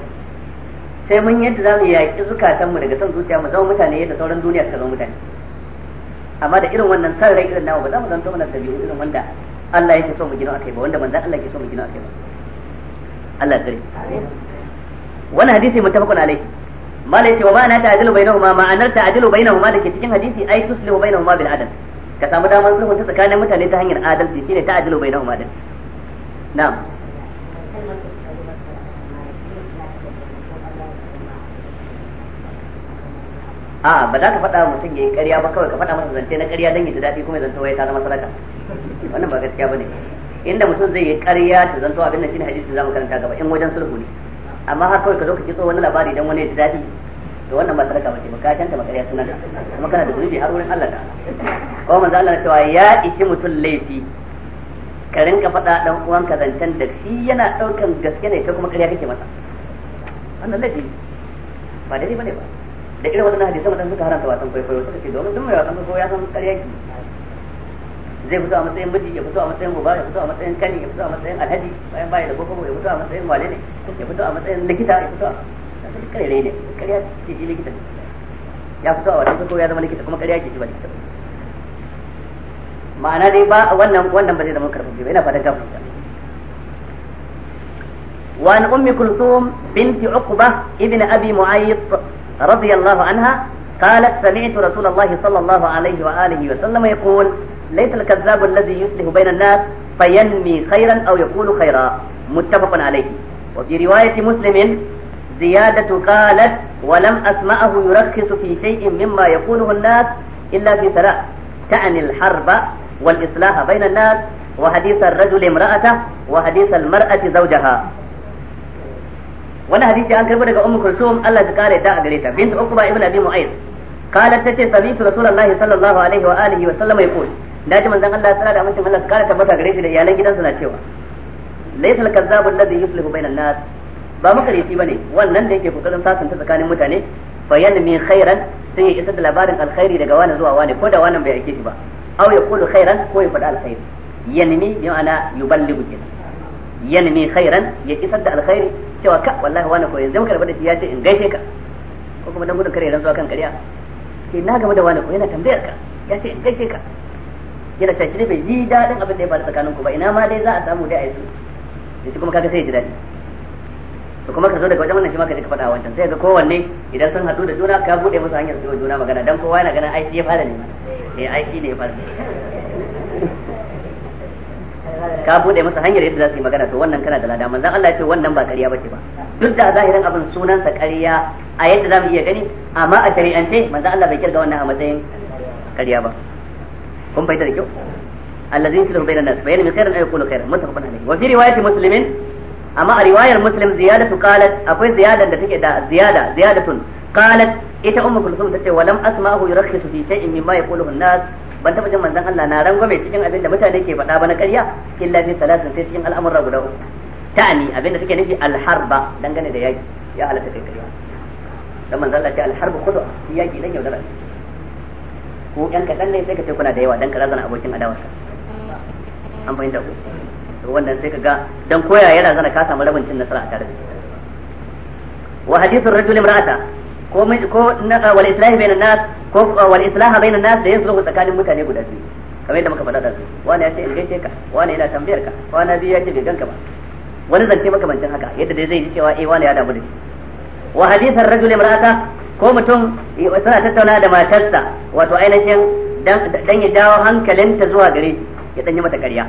sai mun yadda zamu yaki zukatanmu daga son zuciya mu zama mutane yadda sauran duniya suka zama mutane amma da irin wannan san rai irin nawa ba za mu zanto mana dabi'u irin wanda Allah yake so mu gina akai ba wanda manzon Allah yake so mu gina akai ba Allah ya tsare wannan hadisi muttafaqun alaihi malai ce wa ma'ana ta'dilu bainahuma ma'anar ta'dilu bainahuma ke cikin hadisi ai tuslihu bainahuma bil adl ka samu damar sulhu ta tsakanin mutane ta hanyar adalci shine ta ajilu bai nahuma din na'am a ba za ka faɗa mutum ya yi ƙarya ba kawai ka faɗa masa zance na ƙarya don ya ji daɗi kuma ya zanta ta zama sadaka wannan ba gaskiya ba ne. inda mutum zai yi ƙarya ta zanto abin nan shine hadisi zamu karanta gaba in wajen sulhu ne amma har kawai ka zo ka kitso wani labari don wani ya ji daɗi to wannan ba sadaka bace bukatanta tanta makariya sunan kuma kana da zunubi har wurin Allah ta ko manzo Allah cewa ya ishi mutul laifi ka rinka faɗa dan ka zancen da shi yana ɗaukan gaske ne kai kuma ƙarya kake masa wannan laifi ba daidai bane ba da irin wannan hadisi madan suka haranta wasan kwaikwayo suka ce domin duk mai wasan ko ya san ƙarya ki zai fito a matsayin miji ya fito a matsayin uba ya fito a matsayin kani ya fito a matsayin alhaji bayan baya da gogogo ya fito a matsayin wale ne ya fito a matsayin likita ya fito a kare ne kariya ce shi likita ya fito a wata farko ya zama likita kuma kariya ce shi ba likita ba ma'ana dai ba wannan wannan ba zai zama karfafi ba ina fatan ka fahimta وعن أم كلثوم بنت عقبة ابن أبي معيط رضي الله عنها قالت سمعت رسول الله صلى الله عليه وآله وسلم يقول ليس الكذاب الذي يصلح بين الناس فينمي خيرا أو يقول خيرا متفق عليه وفي رواية مسلم زيادة قالت ولم أسمعه يرخص في شيء مما يقوله الناس إلا في ثلاث تعني الحرب والإصلاح بين الناس وحديث الرجل امرأته وحديث المرأة زوجها wani hadisi an karbi daga ummu kulsum Allah ta kare ta a gare ta bint ukba ibn abi mu'ayth qalat tace sami'tu rasulullahi sallallahu alaihi wa alihi wa sallama yaqul daji manzon Allah sallallahu alaihi wa sallam Allah ta kare gare shi da iyalan gidansa na cewa laysal kazzabu alladhi yuflihu bainan nas ba makareci bane wannan da yake kokarin sasanta tsakanin mutane bayan min khairan sai ya isar da labarin alkhairi daga wani zuwa wani ko da wannan bai aike shi ba aw ya kullu khairan ko ya faɗa alkhairi yanmi bi ma'ana yuballighu kin yanmi khairan ya isar da alkhairi cewa ka wallahi wani ko yanzu muka rabu da shi ya ce in gaishe ka ko kuma dan gudun kare ran zuwa kan kariya sai na gama da wani ko yana tambayar ka ya ce in gaishe ka yana tashi ne bai ji daɗin abin da ya faru tsakanin ku ba ina ma dai za a samu dai a yi su yanzu kuma kaga sai ya ji daɗi to kuma ka zo daga wajen wannan shi ma ka je ka faɗa wancan sai ga kowanne idan sun haɗu da juna ka buɗe musu hanyar su juna magana dan kowa yana ganin aiki ya fara ne eh aiki ne ya fara ka buɗe musu hanyar yadda za su yi magana to wannan kana da lada manzon Allah ya ce wannan ba ƙarya bace ba duk da a zahirin abin sa ƙarya a yadda za mu iya gani amma a shari'ance manzon Allah bai kirga wannan a matsayin ƙarya ba kun fahimta da kyau allazin yuslihu bainan nas bayyana min khairin ay yaqulu khairan muttafaqun alayhi wa fi riwayati muslimin amma a riwayar muslim ziyadatu qalat akwai ziyadan da take da ziyada ziyadatun qalat ita ummu kulsum tace walam asma'ahu yurakhisu fi shay'in mimma yaquluhu an-nas ban taba jin manzon Allah na rangwame cikin abin da mutane ke faɗa ba na ƙarya illa fi salatin sai cikin al'amuran guda uku ta'ani abin da take nufi al-harba dangane da yaki ya halatta kai ƙarya dan manzon Allah ce al-harbu khudwa yaki dan yaudara ko yan kadan ne sai ka ce kuna da yawa dan ka razana abokin adawarsa an bayyana ku to wannan sai ka ga dan koya yana zana ka samu rabin cin nasara a tare da shi wa hadithu rajul imra'ata ko miji ko ah, wal islahi bainan nas ko ah, wal islaha bainan nas da yanzu tsakanin mutane guda biyu kamar yadda muka faɗa da su wani ya ce in gaishe ka wani yana tambayar ka wani biyu ya ce bai ganka ba wani zance makamancin haka yadda dai zai ji cewa eh wani ya damu da shi wa hadithu rajul imra'ata ko mutum eh, suna tattauna da matarsa wato ainihin dan ya dawo hankalinta zuwa gare shi ya danyi mata ƙarya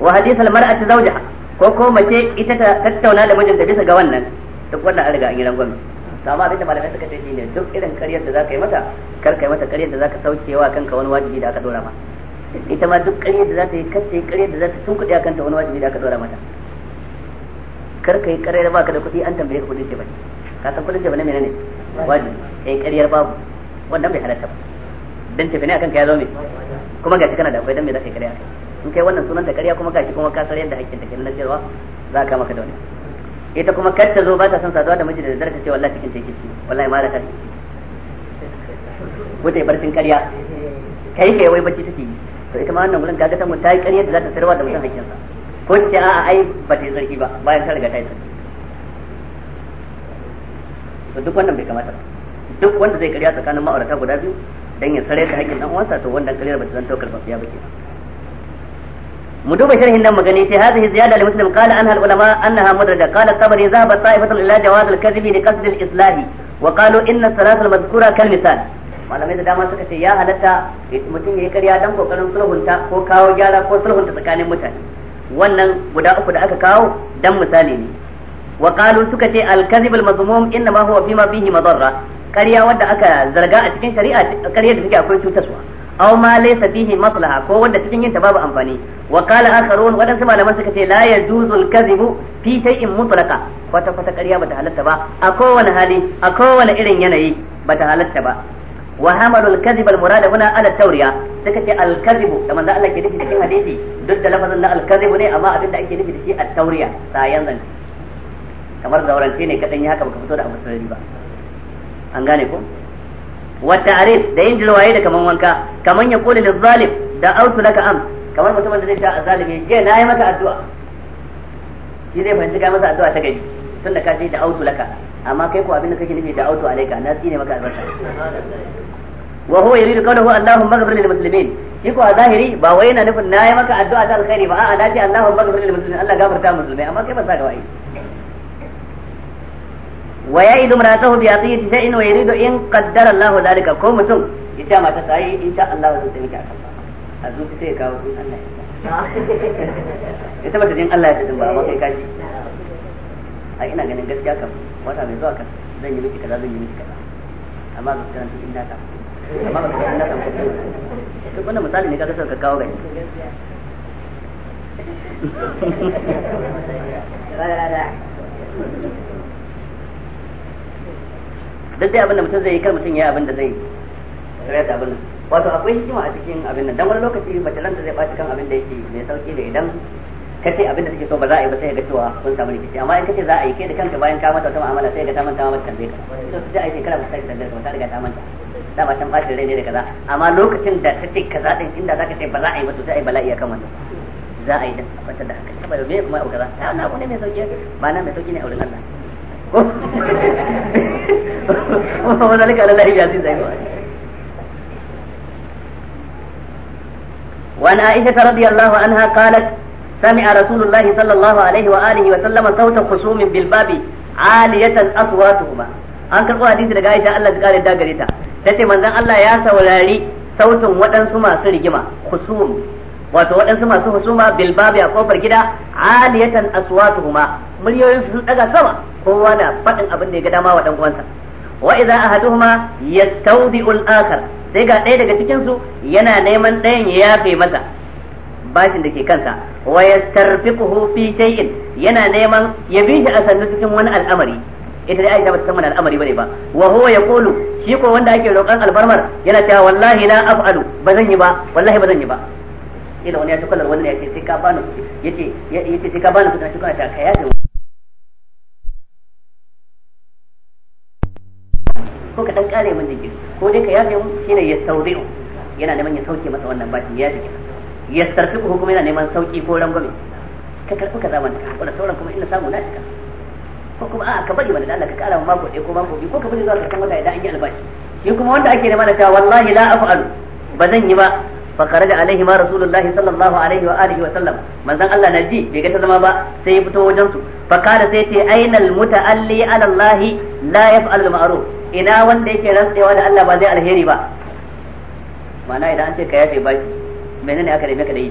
wa hadithal mar'ati zawjaha ko ko mace ita ta tattauna da mijinta bisa ga wannan duk wannan an riga an yi rangwame to amma abinda malamai suka ce shine duk irin ƙaryar da zaka yi mata kar kai mata ƙaryar da zaka saukewa kanka wani wajibi da aka dora ma ita ma duk ƙaryar da zata yi kar ta yi karyar da zata tunkuɗe ta wani wajibi da aka dora mata kar kai karyar ka da kuɗi an tambaye ka kuɗin ce ba ka san kuɗin ce ba bane menene wajibi kai karyar babu wannan bai halatta ba dan tafi ne akan ka ya zo me kuma ga kana da akwai dan me zaka yi ƙarya in kai wannan sunan da ƙarya kuma gashi kuma ka yadda da hakkin ta kenan cewa za ka maka da wani ita kuma kar ta zo ba ta son saduwa da miji da zarta ta ce wallahi cikin take ci wallahi ma da ta ci wuta barcin ƙarya kai kai wai bacci take yi to ita ma wannan gurin kaga ta mun ta yi ƙarya da za ta sarwa da mutum hakkin sa ko ce ce a'a ai ba ta yi zargi ba bayan ta riga ta yi zargi to duk wannan bai kamata ba duk wanda zai ƙarya tsakanin ma'aurata guda biyu dan ya sare da hakkin dan uwansa to wannan ƙarya ba ta zanto karfafiya ba kenan mu duba sharhin nan magani sai hadhihi ziyada li muslim qala anha ulama annaha mudrada qala tabari zahaba ta'ifatan ila jawaz al-kadhib li qasd al-islah wa qalu inna salata al-madhkura kal misal malamai da dama suka ce ya halatta mutum yayi karya dan kokarin sulhunta ko kawo gyara ko sulhunta tsakanin mutane wannan guda uku da aka kawo dan misali ne wa qalu suka ce al-kadhib al-mazmum inma huwa fima fihi madarra wadda aka zarga a cikin shari'a ƙarya da take akwai cutarwa aw ma laysa maslaha ko wanda cikin yinta babu amfani wa qala akharun wadansu malaman suka ce la yajuzu al-kadhibu fi shay'in mutlaqa kwata kwata ƙarya bata halatta ba a kowane hali a kowane irin yanayi bata halatta ba wa hamalul kadhib al murad huna ala tawriya suka ce al kadhibu da manzo Allah ke nufi cikin hadisi duk da lafazin na al kadhibu ne amma abin da ake nufi da a at tawriya sayan zan kamar zaurance ne kadan ya haka baka fito da abu ba an gane ko والتعريف da yin jirwaye da kaman wanka kaman ya kula da zalim da autu laka am kamar mutumin da zai ta zalimi je na yi maka addu'a shi zai fahimci ga masa addu'a ta gari tun da ka ce da autu laka amma kai ko abin da kake nufi da autu alaika na tsine maka albarka wa huwa yuridu qawluhu allahumma ighfir lil muslimin shi ko a zahiri ba wai yana nufin na yi maka addu'a ta alkhairi ba a'a na ce allahumma ighfir lil muslimin Allah gafarta musulmai amma kai ba sa ga wai wa ya idu maratahu bi aqiyati shay'in wa in qaddara Allahu ko mutum ya ce mata sai insha Allah zai tsaye a zuci in Allah ya ita bata jin Allah ya a ina duk dai abin da mutum zai yi kar mutum ya abin da zai rayar da abin wato akwai hikima a cikin abin nan dan wani lokaci mace lanta zai baci kan abin da yake mai sauki da idan ka ce abin da suke so ba za a yi ba sai ga cewa kun samu rikici amma in ka ce za a yi kai da kanka bayan ka mata wata mu'amala sai ga ta manta ma mata zai ka to sai a yi shekara ba ka tambaye ka ta riga ta manta da ba tan bacin rai ne da kaza amma lokacin da ta ce kaza din inda zaka ce ba za a yi ba to sai a yi bala'i akan wannan za a yi din a kwantar da hankali ba me kuma au kaza ta na kuma ne mai sauki ba na mai sauki ne a wurin Allah wa zalika ala lahi yasin zai وعن عائشة رضي الله عنها قالت سمع رسول الله صلى الله عليه وآله وسلم صوت خصوم بالباب عالية أصواتهما an karɓo hadisi daga Aisha Allah ta kare da gare ta ce manzon Allah ya saurari sautin waɗansu masu rigima kusum wato waɗansu masu husuma bilbabi a kofar gida aliyatan aswatuhuma ma su sun daga sama kowa na faɗin abin da ya ga dama wa ɗan uwansa wa idza ahaduhuma yastawdi'u al-akhar sai ga ɗaya daga cikinsu yana neman ɗayan ya yafe masa bashin da ke kansa wa yastarfiquhu fi shay'in yana neman ya bi shi a sannu cikin wani al'amari ita dai Aisha ba ta san wani al'amari bane ba wa huwa yaqulu shi ko wanda ake roƙan albarmar yana cewa wallahi la af'alu zan yi ba wallahi zan yi ba ila wani ya tukallar wani ya ce sai ka bani yace yace sai ka bani kuɗi na ta ka yafe ko ka dan kare min jikin ko dai ka yafe mu shine ya tawdi'u yana neman ya sauke masa wannan bashin ya yafe ya sarfi ko kuma yana neman sauki ko rangwame ka karɓi ka zaman ka hakura sauran kuma ina samu na cika ko kuma a ka bari wani da Allah ka kara mako ɗaya ko mako biyu ko ka bari zuwa karshen wata idan an yi albashi shi kuma wanda ake neman ta wallahi la af'alu ba zan yi ba fa kharaja alaihi ma rasulullahi sallallahu alaihi wa alihi wa sallam manzon Allah na ji bai ga ta zama ba sai ya fito wajen su fa kana sai ce ainal muta'alli ala ina wanda yake rantsewa da Allah ba zai alheri ba ma'ana idan an ce ka yafe ba menene aka neme ka da yi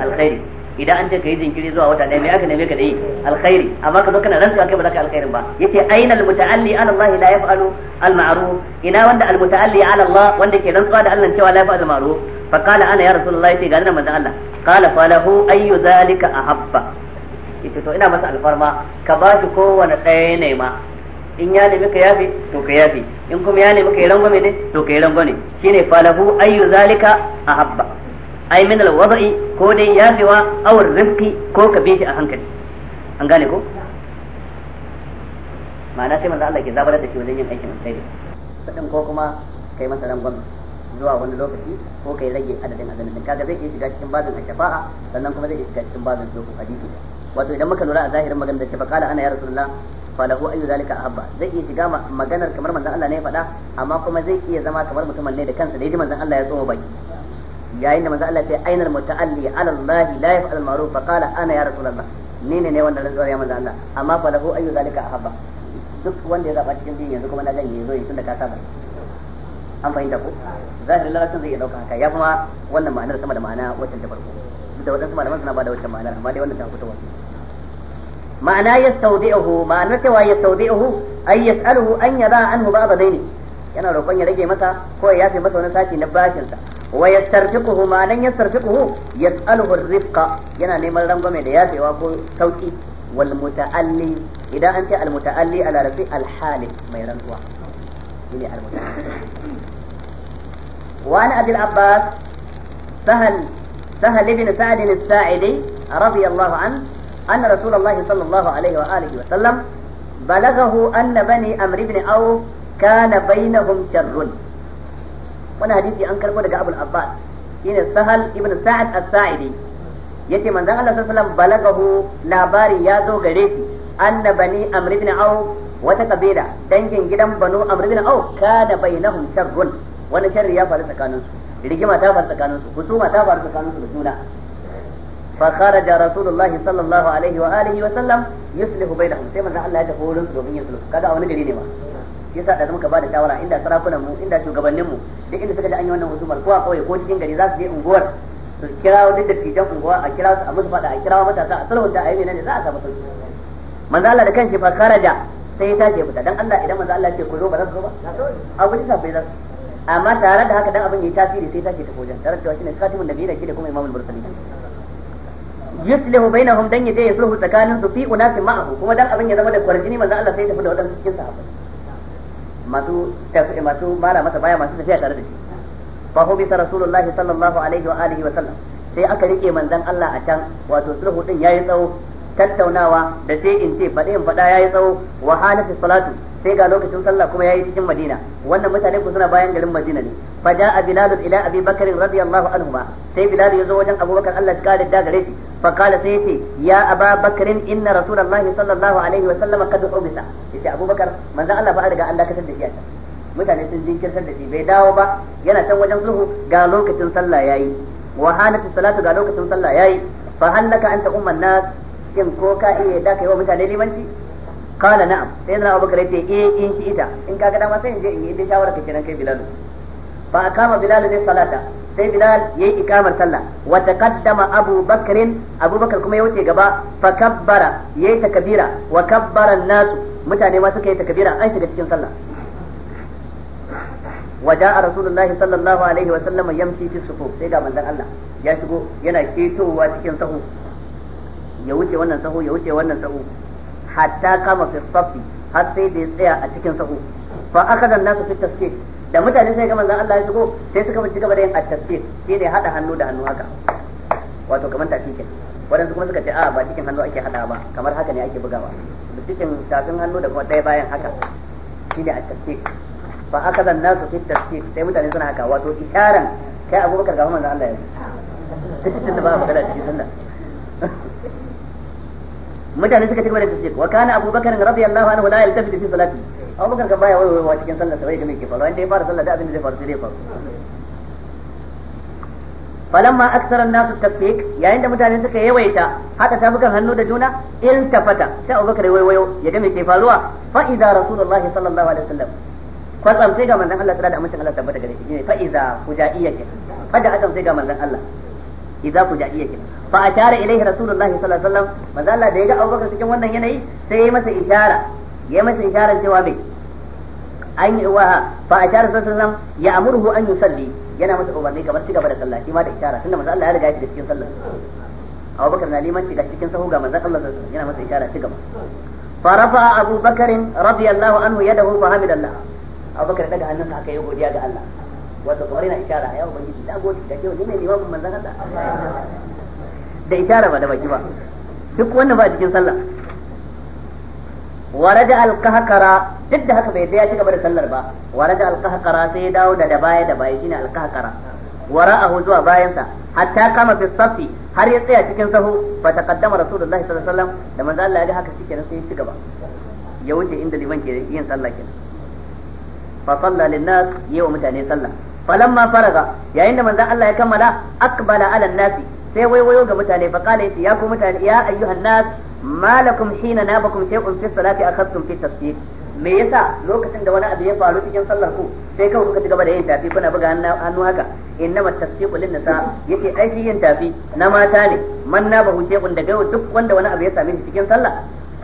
alkhairi idan an ce ka yi jinkiri zuwa wata ɗaya me aka neme ka da yi alkhairi amma ka zo kana rantsuwa kai ba za ka alkhairin ba yace aina almuta'alli ala Allah la yaf'alu alma'ruf ina wanda almuta'alli ala Allah wanda ke rantsuwa da Allah cewa la yaf'alu alma'ruf fa qala ana ya rasulullah yace ga nan manzon Allah qala fa lahu ayyu zalika ahabba yace to ina masa alfarma ka ba shi kowane ɗaya ne ma in ya nemi ka yafe to ka yafe in kuma ya nemi ka yi rangwame ne to ka yi rangwame shine falahu ayyu zalika habba. ai min alwada'i ko dai yafewa aw rizqi ko ka bi shi a hankali an gane ko ma'ana sai manzo Allah ke zabarar da shi wajen yin aikin alkhairi sadin ko kuma kai masa rangwame zuwa wani lokaci ko kai rage adadin Ka kaga zai iya shiga cikin a shafa'a sannan kuma zai iya shiga cikin bazin dokokin hadisi wato idan muka lura a zahirin maganar da shafa fa ana ya rasulullah falahu ayu zalika ahabba zai iya shiga maganar kamar manzon Allah ne ya faɗa amma kuma zai iya zama kamar mutumin ne da kansa da yaji manzon Allah ya tsoma baki yayin da manzon Allah ya ce ainal muta'alli ala Allah la yaf'al ma'ruf fa qala ana ya rasulullah ni ne ne wanda rantsuwar ya manzon Allah amma falahu ayu zalika ahabba duk wanda ya zaba cikin din yanzu kuma na ganye zo tunda ka saba an fahimta ko zahirin larabcin zai iya ɗauka haka ya kuma wannan ma'anar sama da ma'ana wacce ta farko duk da wadansu malaman suna ba da wacce ma'anar amma dai wannan ta fito wannan ma'ana yastawdi'uhu ma'ana cewa yastawdi'uhu ay yas'aluhu an yada anhu ba'd daini yana roƙon ya rage masa ko ya yafe masa wani sashi na bashin sa wa yastarfiquhu ma'anan yastarfiquhu yas'aluhu ar-rifqa yana neman rangwame da yafewa ko sauki wal muta'alli idan an ce al muta'alli ala rafi al hali mai rantsuwa shine al muta'alli wa an abbas sahal sahal ibn sa'd al-sa'idi radiyallahu anhu anna rasulullahi sallallahu an karbo daga abul sahal ibn sa'ad as yace manzon Allah sallallahu labari ya zo gare shi anna bani amr dangin gidan banu da juna فخرج رسول الله صلى الله عليه واله وسلم يصلح بينهم sai manzon Allah ya tafi wurin su domin yin sulhu kaga a wani gari ne ma yasa da muka bada shawara inda sarakunan mu inda shugabannin mu duk inda suka ji an yi wannan husumar ko a kauye ko cikin gari za su je unguwar su kira a su a musu fada a kira matasa a sulhun da ayi ne za a samu sulhu manzon Allah da kanshi fa sai ya tashi ya fita dan Allah idan manzon Allah ya ce ku zo ba za su zo ba a su amma tare da haka dan abin yayi tasiri sai tashi ta wajen tare da kuma imamul yuslihu bainahum dan yaje ya sulhu tsakanin su fi unasin ma'ahu kuma dan abin ya zama da kwarjini manzo Allah sai ya tafi da wadannan cikin sahabbai masu tafi masu mara masa baya masu tafiya tare da shi fa hu bisa rasulullahi sallallahu alaihi wa alihi wa sallam sai aka rike manzon Allah a can wato sulhu din yayi tsawo tattaunawa da sai in ce faɗe in faɗa yi tsawo wa halatu salatu sai ga lokacin sallah kuma yayi cikin Madina wannan mutane ku suna bayan garin Madina ne fa ja'a bilalun ila Abi Bakr radiyallahu anhu ma sai Bilal zo wajen abubakar Allah shi kare da gare shi fa kala sai yace ya Aba Bakr inna Rasulullahi sallallahu alaihi wa sallam kad ubisa yace abubakar Bakar Allah fa riga an dakatar da shi a mutane sun jinkirtar da shi bai dawo ba yana can wajen sulhu ga lokacin sallah yayi wa halatu salatu ga lokacin sallah yayi fa hallaka anta umman nas shin ko ka iya yadda ka yi wa mutane limanci kala na'am sai na abubakar ya ce eh in shi ita in ka ga dama sai in je in yi dai shawara ka kenan kai bilal fa akama bilal ne salata sai bilal yayi ikamar sallah wa taqaddama abu bakrin abubakar kuma ya wuce gaba fa kabbara yayi takbira wa kabbara nasu mutane ma suka yi takbira an shiga cikin sallah وجاء رسول الله صلى الله عليه وسلم يمشي في الصفوف sai ga manzon Allah ya shigo yana ketowa cikin sahu ya wuce wannan sahu ya wuce wannan sahu hatta kama fi safi har sai da ya tsaya a cikin sahu fa akadan nasu fi tasbih da mutane sai ga manzon Allah ya shigo sai suka ci cigaba da yin at-tasbih shi ne hada hannu da hannu haka wato kamar ta cikin wadansu kuma suka ce a ba cikin hannu ake hada ba kamar haka ne ake bugawa da cikin tafin hannu da kuma ɗaya bayan haka shi ne at-tasbih fa akaza an-nasu fi tasbih sai mutane suna haka wato isharan kai Abubakar ga manzon Allah ya yi, cikin da ba magana cikin sunna mutane suka cigaba da tasbih wa kana abubakar radiyallahu anhu la yaltafi fi salati abubakar kan baya waiwaiwa cikin sallar sa wai ga me ke faruwa inda ya fara sallar da abin da zai faru sai dai faru falamma aksara nasu tasbih yayin da mutane suka yawaita haka tafukan hannu da juna in tafata sai abubakar waiwayo ya ga me ke faruwa fa idza rasulullahi sallallahu alaihi wasallam kwatsam sai ga manzon Allah tsara da amincin Allah tabbata gare shi ne fa idza hujaiyyah fa da adam sai ga manzon Allah idza fujaiya kin fa ashara ilaihi rasulullahi sallallahu alaihi wasallam manzo Allah da yaga Abubakar cikin wannan yanayi sai ya masa ishara ya masa isharar cewa me an yi wa fa ashara sallallahu alaihi wasallam ya amurhu an yusalli yana masa umarni kamar ci gaba da sallah shi ma da ishara tunda manzo Allah ya riga shi cikin sallah Abubakar na liman shiga cikin sahu ga manzo Allah sallallahu alaihi wasallam yana masa ishara ci gaba فرفع أبو بكر رضي الله عنه يده فحمد الله daga hannunsa aka yi godiya ga Allah wato kamar yana ishara a ya ubangiji da gode da kyau ni ne limamin manzon Allah da ishara ba da baki ba duk wannan ba a cikin sallah waraja alkahakara duk da haka bai da ya ci gaba da sallar ba waraja alkahakara sai ya dawo da da baya da baya shine alkahakara wara'ahu zuwa bayansa hatta kama fi safi har ya tsaya cikin sahu fa taqaddama rasulullahi sallallahu alaihi wasallam da manzo Allah ya ga haka shikenan sai ya ci gaba ya wuce inda liman ke yin sallah kenan fa salla lin nas yawa mutane sallah falamma faraga yayin da manzon Allah ya kammala akbala ala nasi sai waiwayo ga mutane fa kala yace ya ku mutane ya ayyuhan nas malakum hina nabakum shay'un fi salati akhadtum fi tasbih me yasa lokacin da wani abu ya faru cikin sallar ku sai kawai kuka ci gaba da yin tafi kuna buga hannu haka innama tasbihu lin nisa yake aiki yin tafi na mata ne man nabahu shay'un da daga duk wanda wani abu ya same shi cikin sallah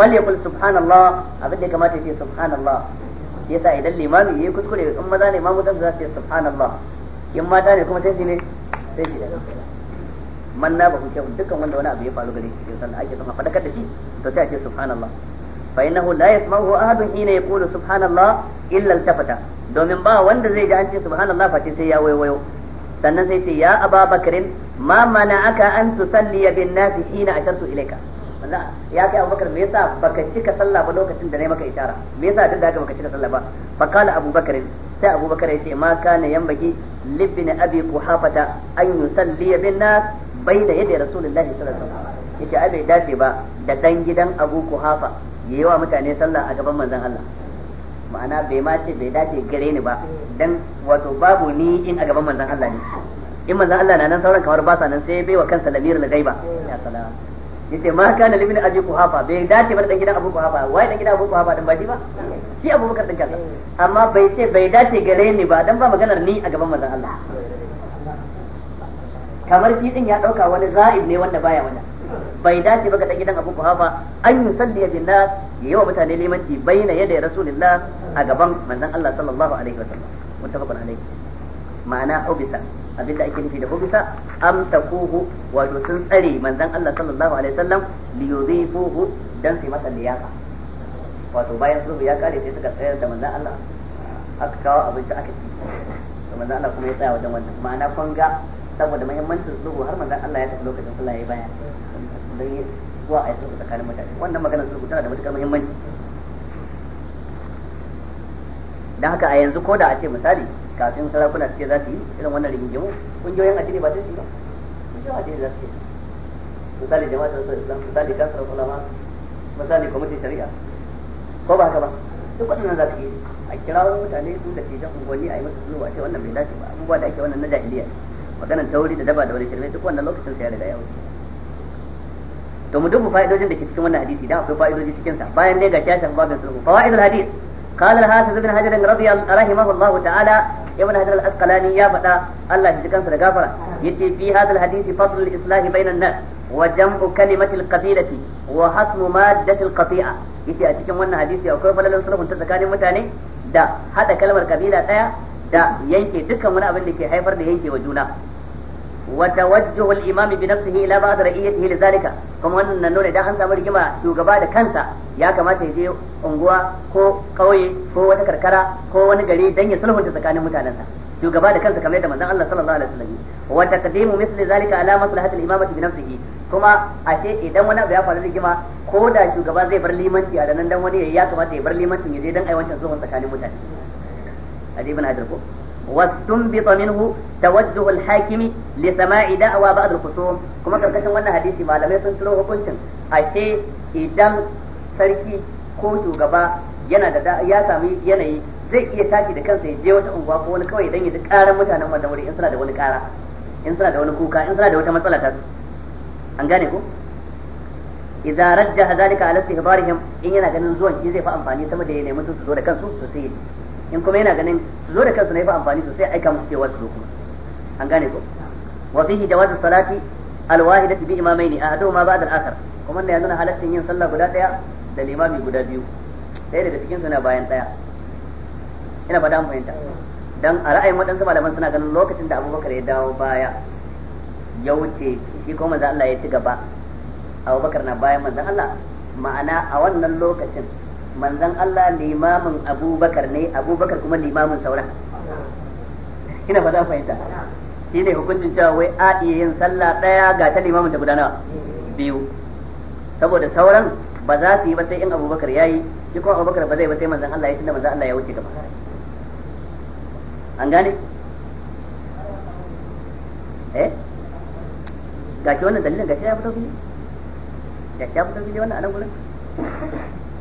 falyakul subhanallah abin da ya kamata ya ce subhanallah shi yasa idan limami yayi kuskure in maza ne mamu dan za su yi subhanallah in mata ne kuma sai shi ne sai shi man na dukkan wanda wani abu ya faru gare shi cikin sallah ake son fadakar da shi to sai a ce subhanallah fa innahu la ahadun hina yaqulu subhanallah illa altafata domin ba wanda zai ji an ce subhanallah sai ya wayo sannan sai ce ya ababakarin ma mana'aka an tusalliya bin nasi hina ashartu ilaika na ya kai abubakar me yasa baka cika sallah ba lokacin da nayi maka isharar me yasa duk da haka baka cika sallah ba fa qala abubakar sai abubakar ya ce ma kana yambaki libbin abi quhafata an yusalli bin nas baina yadi rasulullahi sallallahu alaihi wasallam yace ai bai dace ba da dan gidan abu quhafa yayi wa mutane sallah a gaban manzon Allah ma'ana bai ma ce bai dace gare ni ba dan wato babu ni in a gaban manzon Allah ne in manzon Allah na nan sauran kamar ba sa nan sai bai wa kansa lamirul gaiba ya salama. yace ma kana limin aji kuhafa bai dace ba dan gidan abu kuhafa wai dan gidan abu kuhafa dan ba shi ba shi abubakar dan kansa amma bai ce bai dace gare ni ba dan ba maganar ni a gaban manzon Allah kamar shi din ya dauka wani za'ib ne wanda baya wanda bai dace ba ga dan gidan abu kuhafa an yusalli salli nas yayi wa mutane limanci bayyana yadda rasulullahi a gaban manzon Allah sallallahu alaihi wasallam muttafaqun alaihi ma'ana aubisa Abin da ake nufi da hubisa am kuhu wato sun tsare manzan Allah sallallahu alaihi wasallam li kuhu dan sai masa liyafa wato bayan sulhu ya kare sai suka tsayar da manzan Allah aka kawo abinci aka ci to manzan Allah kuma ya tsaya wajen wannan ma'ana kun ga saboda muhimmancin sulhu har manzan Allah ya tafi lokacin sallah ya bayan dan zuwa a sulhu tsakanin mutane wannan maganar sulhu tana da matukar muhimmanci dan haka a yanzu ko da a ce misali kafin sarakuna suke za su yi irin wannan rigingimu kungiyoyin addini ba sai su yi ba kungiyoyin addini za su yi misali jama'a jama'atul islam misali kasar ulama misali kwamitin shari'a ko ba haka ba duk waɗannan za su yi a kirawo mutane su da jan unguwanni a yi masa zuwa ce wannan bai dace ba abubuwa da ake wannan na jahiliya maganar tauri da daba da wani shirme duk wannan lokacin sai ya riga ya wuce to mu duba fa'idojin da ke cikin wannan hadisi dan akwai fa'idoji cikin sa bayan dai ga ya babin sulhu fa'idul hadis قال الحافظ ابن حجر رضي الله رحمه الله تعالى ibn hajar al-asqalani ya faɗa Allah ya ji kansa da gafara yace fi hadal hadisi fasl al-islah bainan nas wa jam'u kalimati al-qabilati wa hasmu maddati al-qati'a yace a cikin wannan hadisi akwai falalan sulhun ta tsakanin mutane da hada kalmar kabila daya da yanke dukkan wani abin da ke haifar da yankewa juna وتوجه الامام بنفسه الى بعض رئيته لذلك kuma wannan nan nuna idan an samu rigima shugaba da kansa ya kamata ya je unguwa ko kauye ko wata karkara ko wani gari dan ya sulhunta tsakanin mutanen mutanensa shugaba da kansa kamar yadda manzon Allah sallallahu alaihi wasallam wa taqdimu misli zalika ala maslahati al-imamati bi nafsihi kuma ce idan wani abu ya faru rigima ko da shugaba zai bar limanci a ranan dan wani ya kamata ya bar limancin ya je dan aiwancin sulhun tsakanin mutane Adi ibn ko واستنبط منه توجه الحاكم لسماع دعوى بعض الخصوم كما كركشن wannan hadisi malamai sun tsiro hukuncin ashe idan sarki ko shugaba yana da ya sami yanayi zai iya tashi da kansa ya je wata unguwa ko wani kawai idan ya ji karan mutanen wannan wuri in suna da wani kara in suna da wani kuka in suna da wata matsala ta an gane ko idza rajja hadalika ala istihbarihim in yana ganin zuwan shi zai fa amfani sama da ya nemi su zo da kansu to sai in kuma yana ganin su zo da kansu na fa amfani sosai aika musu cewa su zo kuma an gane ko wa fihi jawazu salati alwahidati bi imamaini ahaduhuma ba'da al-akhar kuma ne yana halaccin yin sallah guda daya da limami guda biyu ɗaya daga cikin su bayan daya ina ba da fahimta dan a ra'ayin waɗansu malaman suna ganin lokacin da abubakar ya dawo baya ya wuce shi kuma manzo Allah ya ci gaba abubakar na bayan manzo Allah ma'ana a wannan lokacin manzan Allah limamin abubakar ne abubakar kuma limamin sauran ina ba za fahimta shi ne hukuncin cewa wai a iya yin sallah ɗaya ga ta limamin da gudanawa biyu saboda sauran ba za su yi ba sai in abubakar ya yi shi kuma abubakar ba zai ba sai manzan Allah ya tunda manzan Allah ya wuce gaba an gane eh gashi wannan dalilin gashi ya fito ga gashi ya fito biyu wannan a nan gurin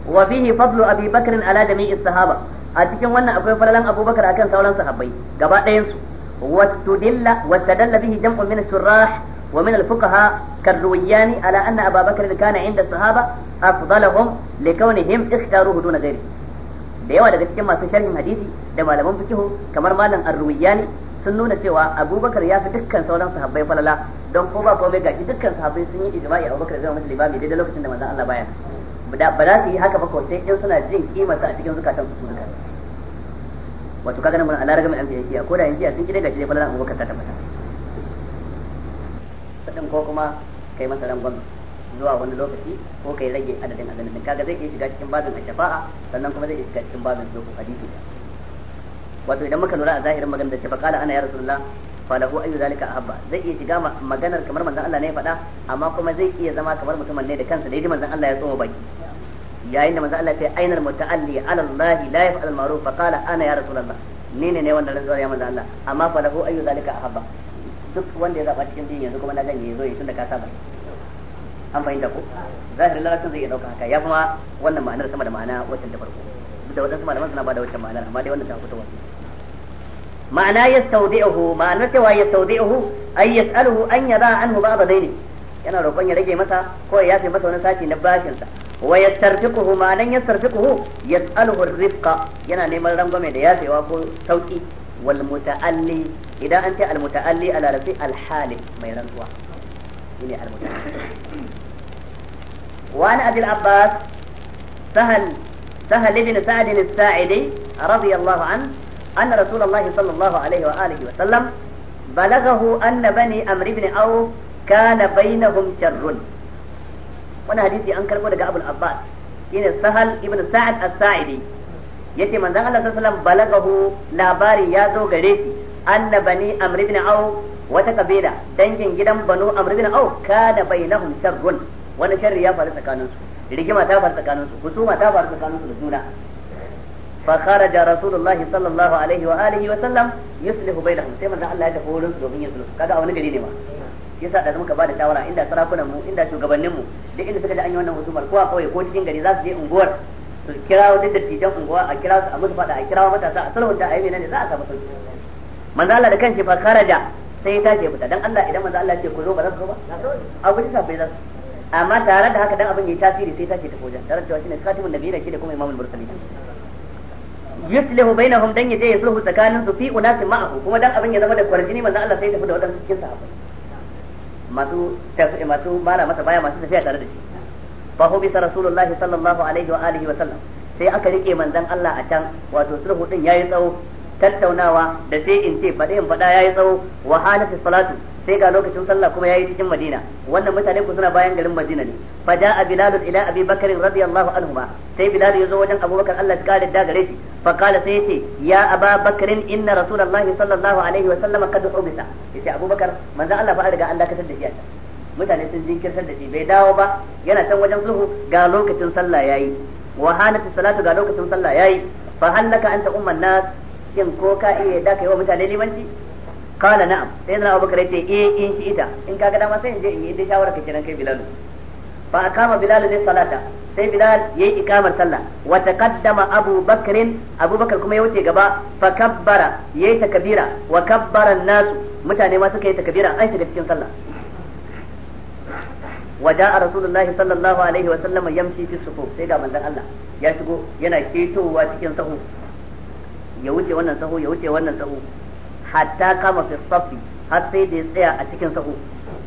wa fihi fadlu abi bakr ala jami'i sahaba a cikin wannan akwai falalan abubakar akan sauran sahabbai gaba ɗayan su wastudilla wastadalla bihi jam'un min shurrah wa min al-fuqaha karruwiyani ala anna aba bakr kana inda sahaba afdalahum likawnihim ikhtaruhu duna ghairi da yawa daga cikin masu sharhin hadisi da malaman fikihu kamar malam ar-ruwiyani sun nuna cewa abubakar ya fi dukkan sauran sahabbai falala don ko ba komai gashi dukkan sahabbai sun yi ijma'i abubakar zai musu limami daidai lokacin da manzon Allah baya ba za su yi haka ba ko sai in suna jin kima a cikin zukatan su suka wato kaga nan mun alara gamin amfiya shi ko da yin shi sun kire gashi dai falalan kasa ta fata. sadin ko kuma kai masa rangon zuwa wani lokaci ko kai rage adadin azumin kaga zai iya shiga cikin babin shafa'a sannan kuma zai iya shiga cikin babin dokokin hadisi wato idan muka lura a zahirin maganar da ce faqala ana ya rasulullah falahu ayu zalika ahabba zai iya shiga maganar kamar manzon Allah ne ya faɗa amma kuma zai iya zama kamar mutumin ne da kansa da yadda manzon Allah ya tsoma baki yayin da manzo Allah ya ce ainal muta'alli ala Allah la yaf'al ma'ruf fa qala ana ya rasulullah ni ne ne wannan rantsuwar ya manzo Allah amma fa lahu ayyu zalika ahabba duk wanda ya zaba cikin din yanzu kuma na ganye yazo yi tunda ka saba an fahimta ko zahirin larabcin zai iya dauka haka ya kuma wannan ma'anar sama da ma'ana wacce ta farko duk da wadansu malaman suna bada wacce ma'anar amma dai wannan ta fito wannan ma'ana yastawdi'uhu ma'anar cewa yastawdi'uhu ay yas'aluhu an yada anhu ba'd dayni yana roƙon ya rage masa ko ya yafe masa wani sati na bashin sa wa yastarfiquhu ma nan yastarfiquhu yas'aluhu ar-rifqa yana neman rangwame da yafewa ko sauki wal muta'alli idan an ce al muta'alli a larabci al hali mai rantsuwa shine al muta'alli wa an abil abbas sahal sahal ibn sa'd as-sa'idi radiyallahu an anna rasulullahi sallallahu alaihi wa alihi wa sallam balaghahu anna bani amr ibn auf kana bainahum sharrun wani hadisi an karbo daga abul abbas shine sahal ibn sa'ad as-sa'idi yace manzon Allah sallallahu alaihi wasallam balagahu labari ya zo gare shi anna bani amr ibn au wata kabila dangin gidan banu amr ibn au kana bainahum sharrun wani sharri ya faru tsakanin su rigima ta faru tsakanin su husuma ta faru tsakanin su da juna fa kharaja rasulullah sallallahu alaihi wa alihi wa sallam yuslihu bainahum sai manzon Allah ya tafi wurin su domin ya sulhu kaga a wani gari ne ma yasa da muka bada shawara inda sarakunan mu inda shugabannin mu duk inda suka ji an yi wannan hukumar ko a kauye ko cikin gari za su je unguwar su kira wani dattijan unguwa a kira su a musu fada a kira matasa a sulhunta a yi menene za a samu sauki manzo Allah da kanshi fa karaja sai ya tashi fita dan Allah idan manzo Allah ya ce ku zo ba za ku zo ba a guji bai za su amma tare da haka dan abin yayi tasiri sai ce ta wajen tare da cewa shine katimun nabiyina da kuma imamul mursalin yuslihu bainahum dan yaje sulhu tsakanin su fi unasi ma'ahu kuma dan abin ya zama da kwarjini manzo Allah sai ya tafi da wadansu cikin sahabbai masu masu mara masa baya masu tafiya tare da shi fa hu bisa rasulullahi sallallahu alaihi wa alihi wa sallam sai aka rike manzon Allah a can wato sulhu din yayi tsawo tattaunawa da sai in ce fadin in faɗa yayi tsawo wa halatu salatu sai ga lokacin sallah kuma yayi cikin Madina wannan mutane ku suna bayan garin Madina ne fa jaa Bilal ila Abi Bakr radiyallahu ba sai Bilal yazo wajen Abu Bakar Allah ya kare da gare shi fa kala sai yace ya Aba Bakr inna Rasulullah sallallahu alaihi wa sallam kad ubisa yace Abu Bakar manzo Allah fa riga an dakatar da shi a mutane sun jinkirtar da shi bai dawo ba yana can wajen sulhu ga lokacin sallah yayi wa hanat salatu ga lokacin sallah yayi fa hallaka anta umman nas shin ko ka iya da kai wa mutane limanci kala na'am sai yana abubakar ya ce eh in shi ita in ga dama sai in je in yi da shawara ka kiran kai bilalu fa akama bilalu ne salata sai bilal yayi ikamar sallah wa taqaddama abu abu abubakar kuma ya wuce gaba fa kabbara yayi takbira wa kabbara an-nas mutane ma suka yi takbira an shiga cikin sallah wa رسول الله sallallahu alaihi wa sallam yamshi fi الصفوف sai ga manzon Allah ya shigo yana ketowa cikin sahu ya wuce wannan sahu ya wuce wannan sahu hatta kama fi safi har sai da ya tsaya a cikin sahu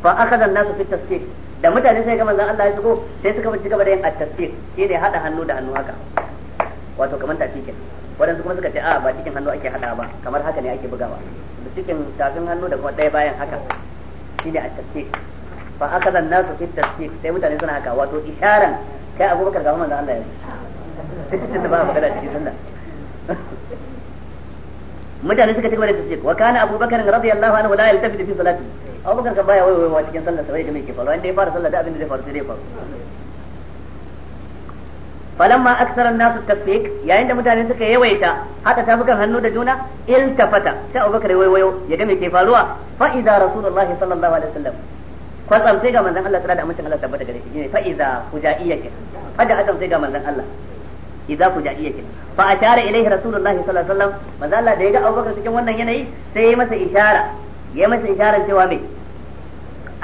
fa akhadha an-nasu fi tasfiq da mutane sai ga manzon Allah ya shigo sai suka bi gaba da yin at-tasfiq shine hada hannu da hannu haka wato kamar tafi ke. wadansu kuma suka ce a ba cikin hannu ake hada ba kamar haka ne ake bugawa da cikin tafin hannu da kuma ɗaya bayan haka shine at-tasfiq fa akhadha an-nasu fi tasfiq sai mutane suna haka wato isharan kai Abubakar ga manzon Allah ya duk da ba magana cikin sunna mutane suka ci gaba da tasbih wa kana Abu Bakar radiyallahu anhu la yaltafi fi salati abubakar kan baya wai wai cikin sallar sa bai ga me ke faru inda ya fara sallar da abin da zai faru sai dai faru falamma aksara nasu tasbih yayin da mutane suka yawaita haka tafukan hannu da juna iltafata sai Bakar wai wai ya ga me ke faruwa fa idza rasulullahi sallallahu alaihi wasallam kwatsam sai ga manzon Allah sallallahu alaihi wasallam Allah tabbata gare shi ne fa idza hujaiya fa da akan sai ga manzon Allah idza eh, fujaiya kin fa ashara ilaihi rasulullahi sallallahu alaihi wasallam manzo Allah da ya ga Abubakar cikin wannan yanayi sai ya masa ishara ya masa isharar cewa me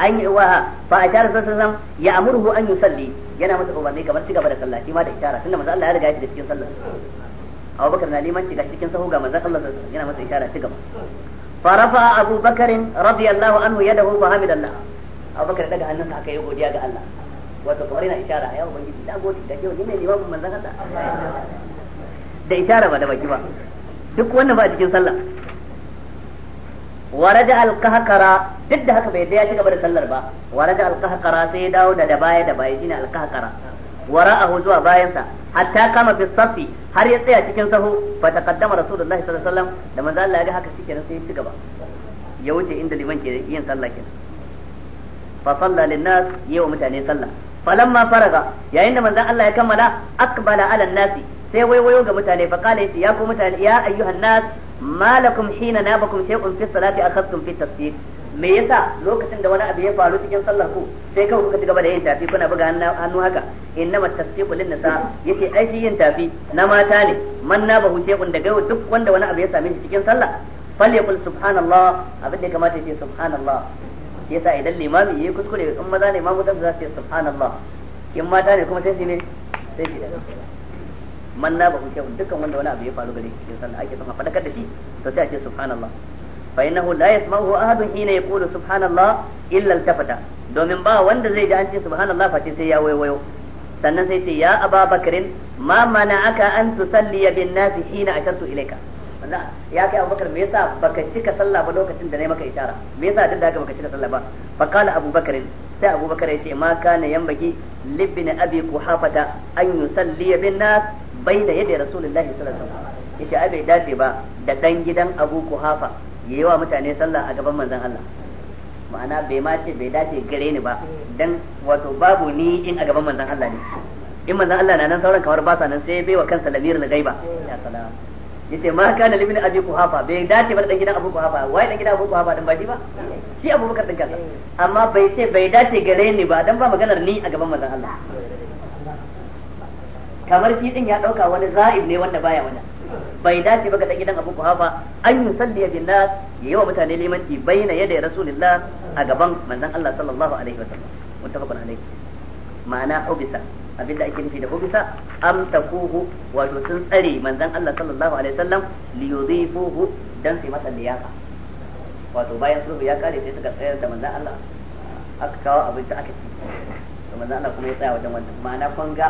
an yi wa fa ashara sallallahu alaihi wasallam ya amurhu an yusalli yana masa umarni kamar ci gaba da sallah shi ma da ishara tunda manzo Allah ya riga ya shiga cikin sallah Abubakar na liman shiga cikin sahu ga manzo Allah sallallahu yana masa ishara ci gaba فرفع Abubakar بكر رضي الله عنه يده فحمد الله أبو بكر daga hannunsa aka yi godiya ga Allah wato kamar yana ishara a ya ubangiji da gode da kyau ni ne limamin manzon Allah da ishara ba da baki ba duk wannan ba cikin sallah waraja alkahkara duk da haka bai da ya ci gaba da sallar ba waraja alkahkara sai ya dawo da baya da baya shine alkahkara wara'ahu zuwa bayansa hatta kama fi safi har ya tsaya cikin sahu fa taqaddama rasulullahi sallallahu alaihi wasallam da manzo Allah ya ga haka shikenan sai ya ci gaba ya wuce inda liman ke yin sallah kenan fa salla lin nas yawa mutane sallah ma faraga yayin da manzan Allah ya kammala akbala ala nasi sai waiwayo ga mutane fa kala yace ya ku mutane ya ayyuhan nas malakum hina nabakum shay'un fi salati akhadtum fi tasbih me yasa lokacin da wani abu ya faru cikin sallar ku sai kawai kuka ci gaba da yin tafi kuna buga hannu haka innama tasbihu lin nisa yake ai shi yin tafi na mata ne man nabahu shay'un da gaiwa duk wanda wani abu ya same shi cikin sallah falyakul subhanallah abin da ya kamata ya ce subhanallah shi yasa idan limami yayi kuskure in maza ne ma mutum za su yi subhanallah in mata ne kuma sai shi ne sai shi man na bahu shay'un dukkan wanda wani abu ya faru gare shi cikin sallah ake son a fadakar da shi to sai a ce subhanallah fa innahu la yasma'uhu ahadun hina yaqulu subhanallah illa altafata domin ba wanda zai ji an ce subhanallah fa sai ya wayo sannan sai ce ya ababakarin ma mana'aka an tusalliya bin nasi hina ashartu ilaika na ya kai abubakar me yasa baka cika sallah ba lokacin da nayi maka isara me yasa duk da haka baka cika sallah ba fa qala abubakar sai abubakar yace ma kana yambaki libbin abi quhafata an yusalli bin nas baina yadi rasulullahi sallallahu alaihi wasallam yace ai bai dace ba da dan gidan abu quhafa yayi wa mutane sallah a gaban manzon Allah ma'ana bai ma ce bai dace gare ni ba dan wato babu ni in a gaban manzon Allah ne in manzon Allah na nan sauran kamar ba sa nan sai bai wa kansa lamirul gaiba ya salama. yace ma kana limin abi kuhafa bai dace ba da gidan abu kuhafa wai da gidan abu kuhafa dan ba shi ba shi abubakar din kansa amma bai ce bai dace gare ni ba dan ba maganar ni a gaban manzon Allah kamar shi din ya dauka wani za'ib ne wanda baya wani bai dace ba da gidan abu kuhafa an yusalli bin nas yayi wa mutane limanci baina yadda rasulullah a gaban manzon Allah sallallahu alaihi wasallam muttafaqun alaihi ma'ana ubisa abinda ake nufi da hubisa takuhu wato sun tsare manzon Allah sallallahu alaihi wasallam li yudhifuhu dan sai masa liyafa wato bayan sulhu ya kare sai suka tsayar da manzon Allah aka kawo abinci aka ci to manzon Allah kuma ya tsaya wajen wannan ma'ana kun ga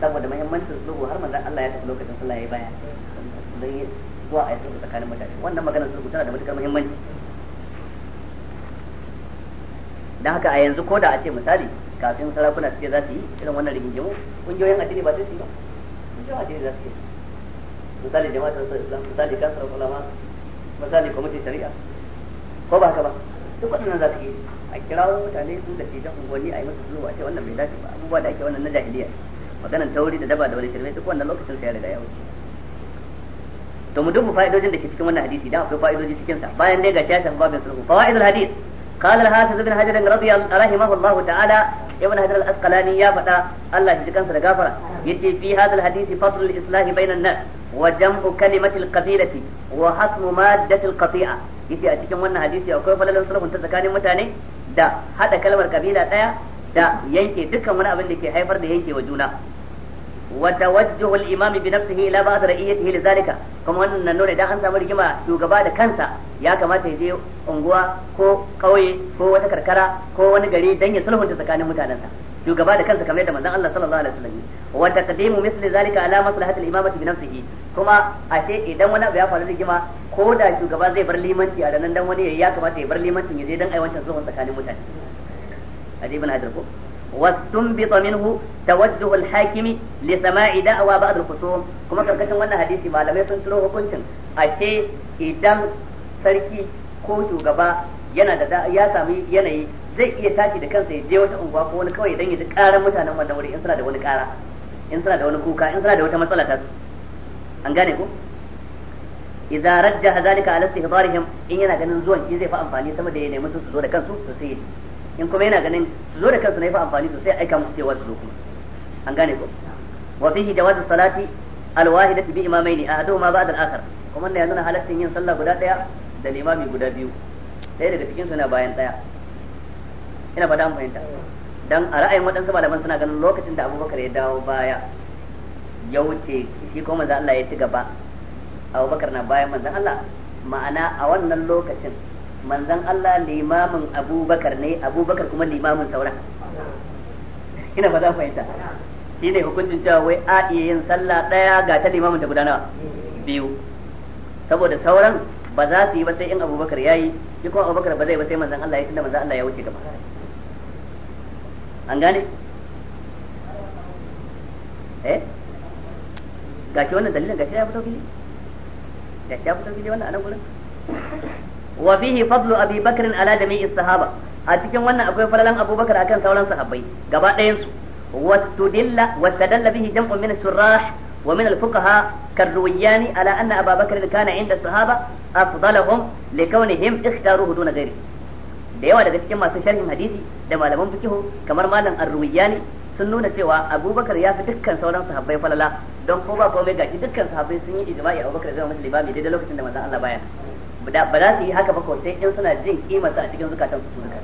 saboda muhimmancin sulhu har manzon Allah ya tafi lokacin sallah yayi baya dan zuwa a sulhu tsakanin mutane wannan maganar sulhu tana da matukar muhimmanci dan haka a yanzu koda a ce misali kafin sarakuna suke za su yi irin wannan rigingimu kungiyoyin addini ba sai su yi ba kungiyoyin addini za su yi misali jama'atar islam misali kasar ulama misali kwamitin shari'a ko ba haka ba duk waɗannan za su yi a kirawo mutane su da tijan unguwanni a yi masa zuwa a ce wannan bai dace ba abubuwa da ake wannan na jahiliya maganan tauri da daba da wani shirme duk wannan lokacin sai ya riga ya wuce to mu duba fa'idojin da ke cikin wannan hadisi da akwai fa'idoji cikin sa bayan dai ga shi shafi babin sulhu fa'idul hadis قال الحافظ ابن حجر رضي الله رحمه الله تعالى yawan hajar al-asqalani ya faɗa Allah ya ji kansa da gafara yace fi hadal hadisi fasl al-islah bainan nas wa jam'u kalimati al-qatilati wa hasmu maddati al yace a cikin wannan hadisi akwai falalan sulhun ta tsakanin mutane da hada kalmar kabila ɗaya da yanke dukkan wani abin da ke haifar da yankewa juna وتوجه الامام بنفسه الى بعض رئيته لذلك kuma wannan nan nuna idan an samu rigima shugaba da kansa ya kamata ya je unguwa ko kauye ko wata karkara ko wani gari dan ya sulhunta tsakanin mutanensa shugaba da kansa kamar yadda manzon Allah sallallahu alaihi wasallam wa taqdimu misli zalika ala maslahati al-imamati bi nafsihi kuma ashe idan wani abu ya faru rigima ko da shugaba zai bar limanci a ranan dan wani ya kamata ya bar limancin ya je dan aiwancin sulhun tsakanin mutane ajiban hajar ko واستنبط منه توجه الحاكم لسماع دعوى بعض الخصوم كما كركشن wannan hadisi malamai sun turo hukuncin ake idan sarki ko shugaba yana da ya sami yanayi zai iya tashi da kansa ya je wata unguwa ko wani kawai idan ya ji karar mutanen wannan wuri in suna da wani kara in suna da wani kuka in suna da wata matsala ta an gane ko idza rajja zalika ala istihdarihim in yana ganin zuwan shi zai fa amfani sama da ya nemi su zo da kansu to sai in kuma yana ganin su zo da kansu na yi fa amfani sosai aika musu cewa su zo kuma an gane ko wa fihi jawazu salati alwahidati bi imamaini ma ba'da al-akhar kuma ne yanzu na halaccin yin sallah guda daya da limami guda biyu ɗaya daga cikin su na bayan daya ina da an fahimta dan a ra'ayin waɗansu malaman suna ganin lokacin da Abubakar ya dawo baya ya wuce shi ko manzo Allah ya ci gaba Abubakar na bayan manzo Allah ma'ana a wannan lokacin manzan Allah limamin abubakar ne abubakar kuma limamin sauran ina ba za ku fahimta shi ne hukuncin cewa wai a iya yin sallah ɗaya ga ta limamin ta gudanawa biyu saboda sauran ba za su yi ba sai in abubakar ya yi shi kuma abubakar ba zai ba sai manzan Allah ya tunda manzan Allah ya wuce gaba an gane eh gashi wannan dalilin gashi ya fito fili gashi ya fito fili wannan anan nan gurin wa fihi fadlu abi bakr ala jami'i sahaba a cikin wannan akwai falalan abubakar akan sauran sahabbai gaba ɗayan su wastudilla wastadalla bihi jam'un min surah wa min al-fuqaha karruwiyani ala anna aba bakr kana inda sahaba afdalahum likawnihim ikhtaruhu duna ghairi da yawa daga cikin masu sharhin hadisi da malaman fikihu kamar malam ar-ruwiyani sun nuna cewa abubakar ya fi dukkan sauran sahabbai falala don ko ba komai gashi dukkan sahabbai sun yi ijma'i abubakar zama musu limami daidai lokacin da manzon Allah baya ba za su yi haka ba ko sai in suna jin kimarsa a cikin zukatan su duka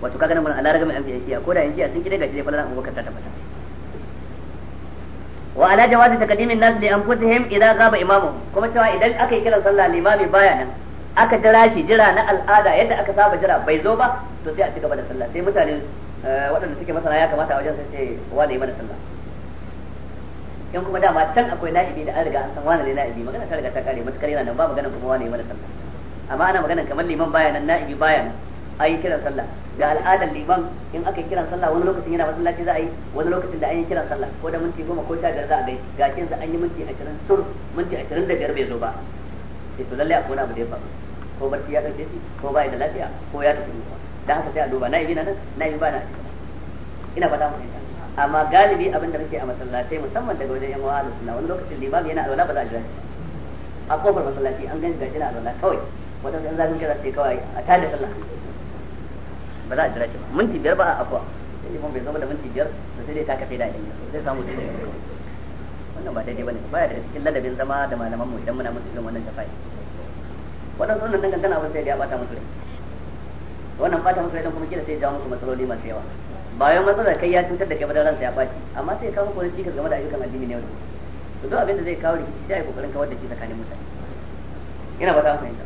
wato kaga nan mun ala ragami an shi ko da yanzu a sun kide gashi ne falalan abubakar ta tabbata wa ala jawazi taqdimin nas li anfusihim idza ghaba imamu kuma cewa idan aka yi kiran sallah limami baya nan aka jira shi jira na al'ada yadda aka saba jira bai zo ba to sai a cigaba da sallah sai mutane eh, waɗanda suke masana ya kamata a wajen sai ce wa mana sallah in kuma dama can akwai na'ibi da an riga an san wani ne na'ibi magana ta riga ta kare matukar yana nan ba magana kuma wani mara sallah amma ana magana kamar liman baya nan na'ibi baya nan a yi kiran sallah ga al'adar liman in aka yi kiran sallah wani lokacin yana masallaci za a yi wani lokacin da an yi kiran sallah ko da minti goma ko sha biyar za a gai ga kin an yi minti ashirin sur minti ashirin da biyar bai zo ba sai to lallai akwai wani abu da ya faru ko barci ya ɗauke shi ko baya da lafiya ko ya tafi da haka sai a duba na'ibi na nan na'ibi ba na ina fata mu fahimta amma galibi abin da muke a masallatai musamman daga wajen yan uwa da sunna wani lokacin limami yana alwala ba za a jira a kofar masallaci an gani gashi na alwala kawai wata sun zafin kira sai kawai a tada sallah ba za a jira shi ba minti biyar ba a akwa sai limon bai zama da minti biyar da sai dai ta kafe da ɗin sai samu sai dai wannan ba daidai bane baya da cikin ladabin zama da malaman mu idan muna musu irin wannan tafai wannan sunan dan kankana abin sai da ya bata musu rai wannan bata musu rai dan kuma kila sai ya jawo musu matsaloli masu yawa bayan matsala kai ya cutar da kai madan ransa ya baci amma sai kawo kokarin cikas game da ayyukan addini ne wannan to duk abin da zai kawo rikici sai ai kokarin kawar da shi tsakanin mutane ina ba ta fahimta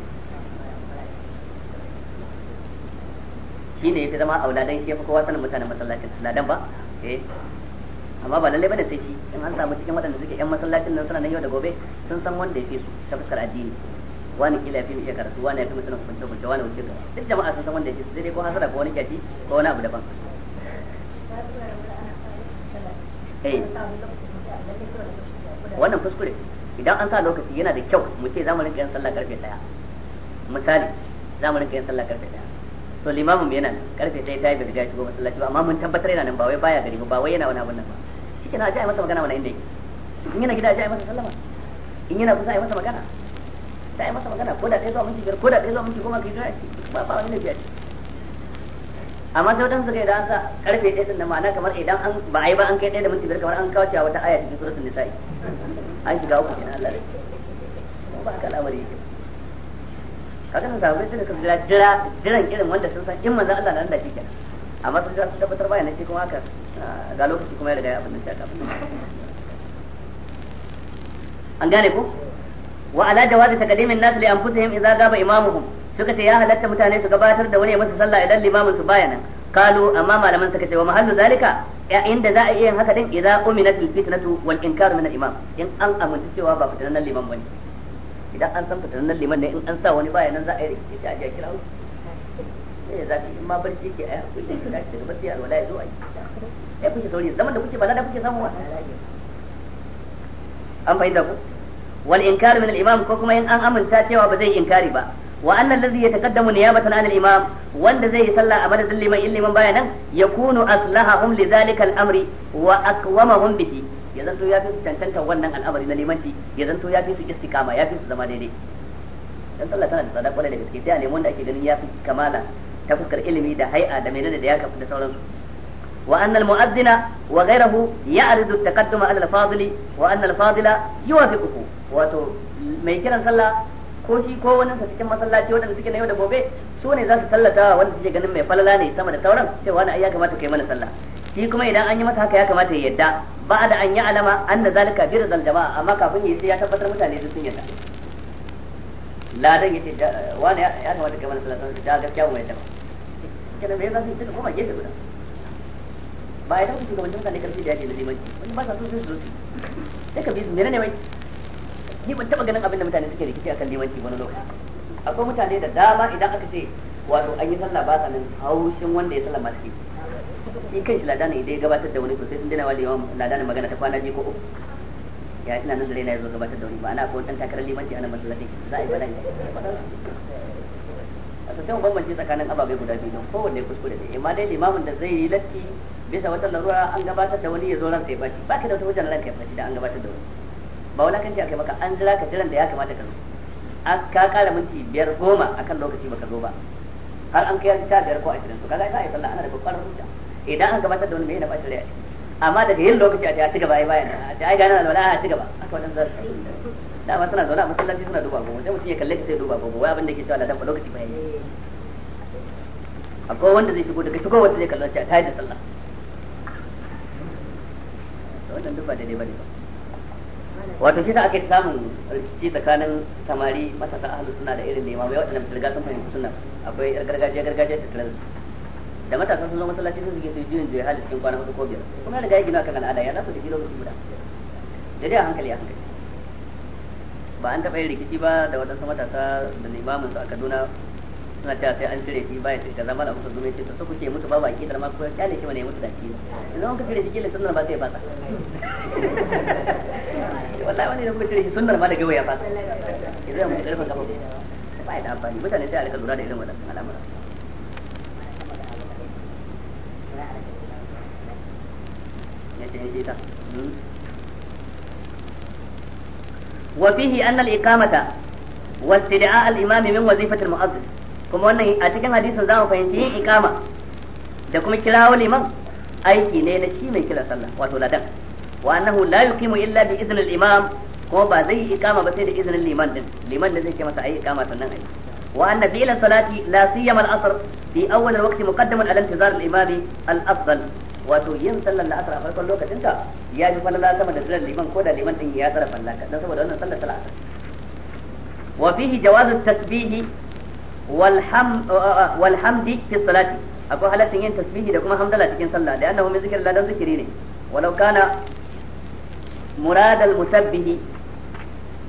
ne yake zama auladan shi fa kowa sanin mutanen masallacin ladan ba eh amma ba lalle bane sai shi in an samu cikin waɗanda suke yan masallacin nan suna nan yau da gobe sun san wanda ya su ta fuskar addini wani kila ya fi mu iya karatu wani ya fi mu sanin hukunce hukunce wani wuce duk jama'a sun san wanda ya fi su sai dai ko hasara ko wani kyashi ko wani abu daban Eh, wannan kuskure idan an sa lokaci yana da kyau mu ce zamu rinka yin sallah karfe 1 misali zamu rinka yin sallah karfe 1 to limamin mu yana karfe sai ta yi bai shigo masallaci ba amma mun tabbatar yana nan ba wai baya gari ba wai yana wani abun nan ba shi kenan a ji a masa magana wani inda yake in yana gida a ji a masa sallama in yana kusa a yi masa magana ta yi masa magana ko da ɗaya zuwa mun biyar ko da ɗaya zuwa mun minti goma ka yi jira ba ba wani lafiya ce amma sai wadansu suka yi da an sa karfe ɗaya sun ma'ana kamar idan an ba a yi ba an kai ɗaya da minti biyar kamar an kawace a wata aya cikin suratul nisa'i an shiga uku kenan Allah da ba ka al'amari yake kaga sun samu sai suka jira jira jiran irin wanda sun san in manzon Allah nan da shi kenan amma sun jira su tabbatar ba yana shi kuma haka ah, ga lokaci kuma ya riga ya abin da shaka an gane ko wa ala jawazi taqdimin nas li anfusihim idza gaba imamuhum suka ce ya halatta mutane su gabatar da wani ya musu sallah idan limamin su baya nan kalu amma malaman suka ce wa mahallu zalika ya inda za a iya haka din idza uminat al fitnatu wal inkar min al imam in an amince cewa ba fitnan liman bane idan an san fitnan liman ne in an sa wani baya nan za a yi rikici a jiya kirawo sai eh, za ki ma barci ke ai hakuri ki dace da barci alwala ya zo ai sai kuke sauri zaman da kuke bala da kuke samu an fahimta ku wal inkar min al imam ko kuma in an aminta cewa ba zai inkari ba wa anna allazi yataqaddamu niyabatan 'ala al-imam wanda zai yi sallah a madadin liman in liman baya nan yakunu aslahahum amri wa aqwamahum bihi ya zanto ya fi tantanta wannan al'amari na limanci ya zanto ya fi su istiqama ya zama daidai dan sallah tana da tsada kwarai da gaske sai a nemi wanda ake ganin yafi kamala ta fuskar ilimi da hai'a da menene da ya kafa da sauransu وأن المؤذن وغيره يعرض التقدم على الفاضل وأن الفاضل يوافقه wato mai kiran sallah ko shi ko wani sa cikin masallaci waɗanda suke na yau da gobe su ne za su tallata wanda suke ganin mai falala ne sama da sauran sai wani ai ya kamata kai mana sallah shi kuma idan an yi masa haka ya kamata ya yadda ba da an yi alama an da zalika bi rizal jama'a amma kafin yi sai ya tabbatar mutane sun yadda ladan yace wani ya kamata kai mana sallah da gaskiya mu yadda ba kana mai yasa sai kuma gefe guda ba idan kuka ga mutum kan ne karfi da yake da limanci wani ba sa so sai su sai ka bi su menene wai ni ban taba ganin abin da mutane suke rikici akan liwanci wani lokaci akwai mutane da dama idan aka ce wato an yi sallah ba sanin haushin wanda ya sallah masu shi kan shi ladana idan ya gabatar da wani to sai sun dina wani yawan ladana magana ta kwana biyu ko uku ya ina nan da raina ya zo gabatar da wani ba ana ko dan takarar limanci ana masallaci za a yi bala'i a sosai ban bambance tsakanin ababai guda biyu don kowanne kuskure ne amma dai limamin da zai yi latti bisa wata larura an gabatar da wani ya zo ran sai baci ba ka da wata hujjar ran ya baci da an gabatar da wani ba kan ce aka maka an jira ka jiran da ya kamata ka zo ka kara minti biyar goma akan lokaci baka zo ba har an kai ta biyar ko ashirin to kaga za a yi sallah ana da kokarin hujja idan an gabatar da wani mai na bashi rai amma daga yin lokaci a ta ci gaba ai bayan a ai ai gane wala a ci gaba aka wannan zai da ba suna zauna a masallaci suna duba gobe sai mutum ya kalle sai duba gobe wai abin da ke cewa ladan lokaci bayan akwai wanda zai shigo daga shigowar wanda zai kallon shi a tayar da sallah wannan duk ba daidai bane ba wato shi da ake samun rikici tsakanin samari matasa ahlus sunna da irin limamai waɗanda su riga sun fahimci sunna akwai gargajiya gargajiya da tare da matasa sun zo masallaci sun suke su juyin juya hali cikin kwana hudu ko biyar kuma ya gaya gina kan al'ada ya zaku da gina wasu guda da dai a hankali a hankali ba an taɓa yin rikici ba da waɗansu matasa da limamin su a Kaduna suna cewa sai an cire shi ba ya zama da muka zume ce kuke mutu ba ba ko kyale shi mutu da shi idan cire shi kila sunnar ba sai ya wallahi wani kuka cire shi sunnar da gawa ya idan karfa ba ya da amfani mutane sai a rika lura da irin waɗannan al'amuran وفيه أن الإقامة واستدعاء الإمام من وظيفة المؤذن kuma wannan a cikin hadisin za mu fahimci yin ikama da kuma kirawo liman aiki ne na shi mai kira sallah wato ladan wa annahu la yuqimu illa bi idnil imam kuma ba zai yi ikama ba sai da izinin liman din liman ne zai ce masa ayi ikama sannan ayi wa anna bi ila salati la siyama al-asr fi awwal al-waqt muqaddaman ala intizar al-imami al-afdal wato yin sallar la'asar a farkon lokacin ta ya fi falala sama da sallar liman ko da liman din ya tsara falla dan saboda wannan sallar la'asar wa fihi jawazu tasbihi walhamdi fi salati akwai halatin yin tasbihi da kuma hamdala cikin sallah da annahu min zikrillah dan zikiri ne walau kana murad al musabbih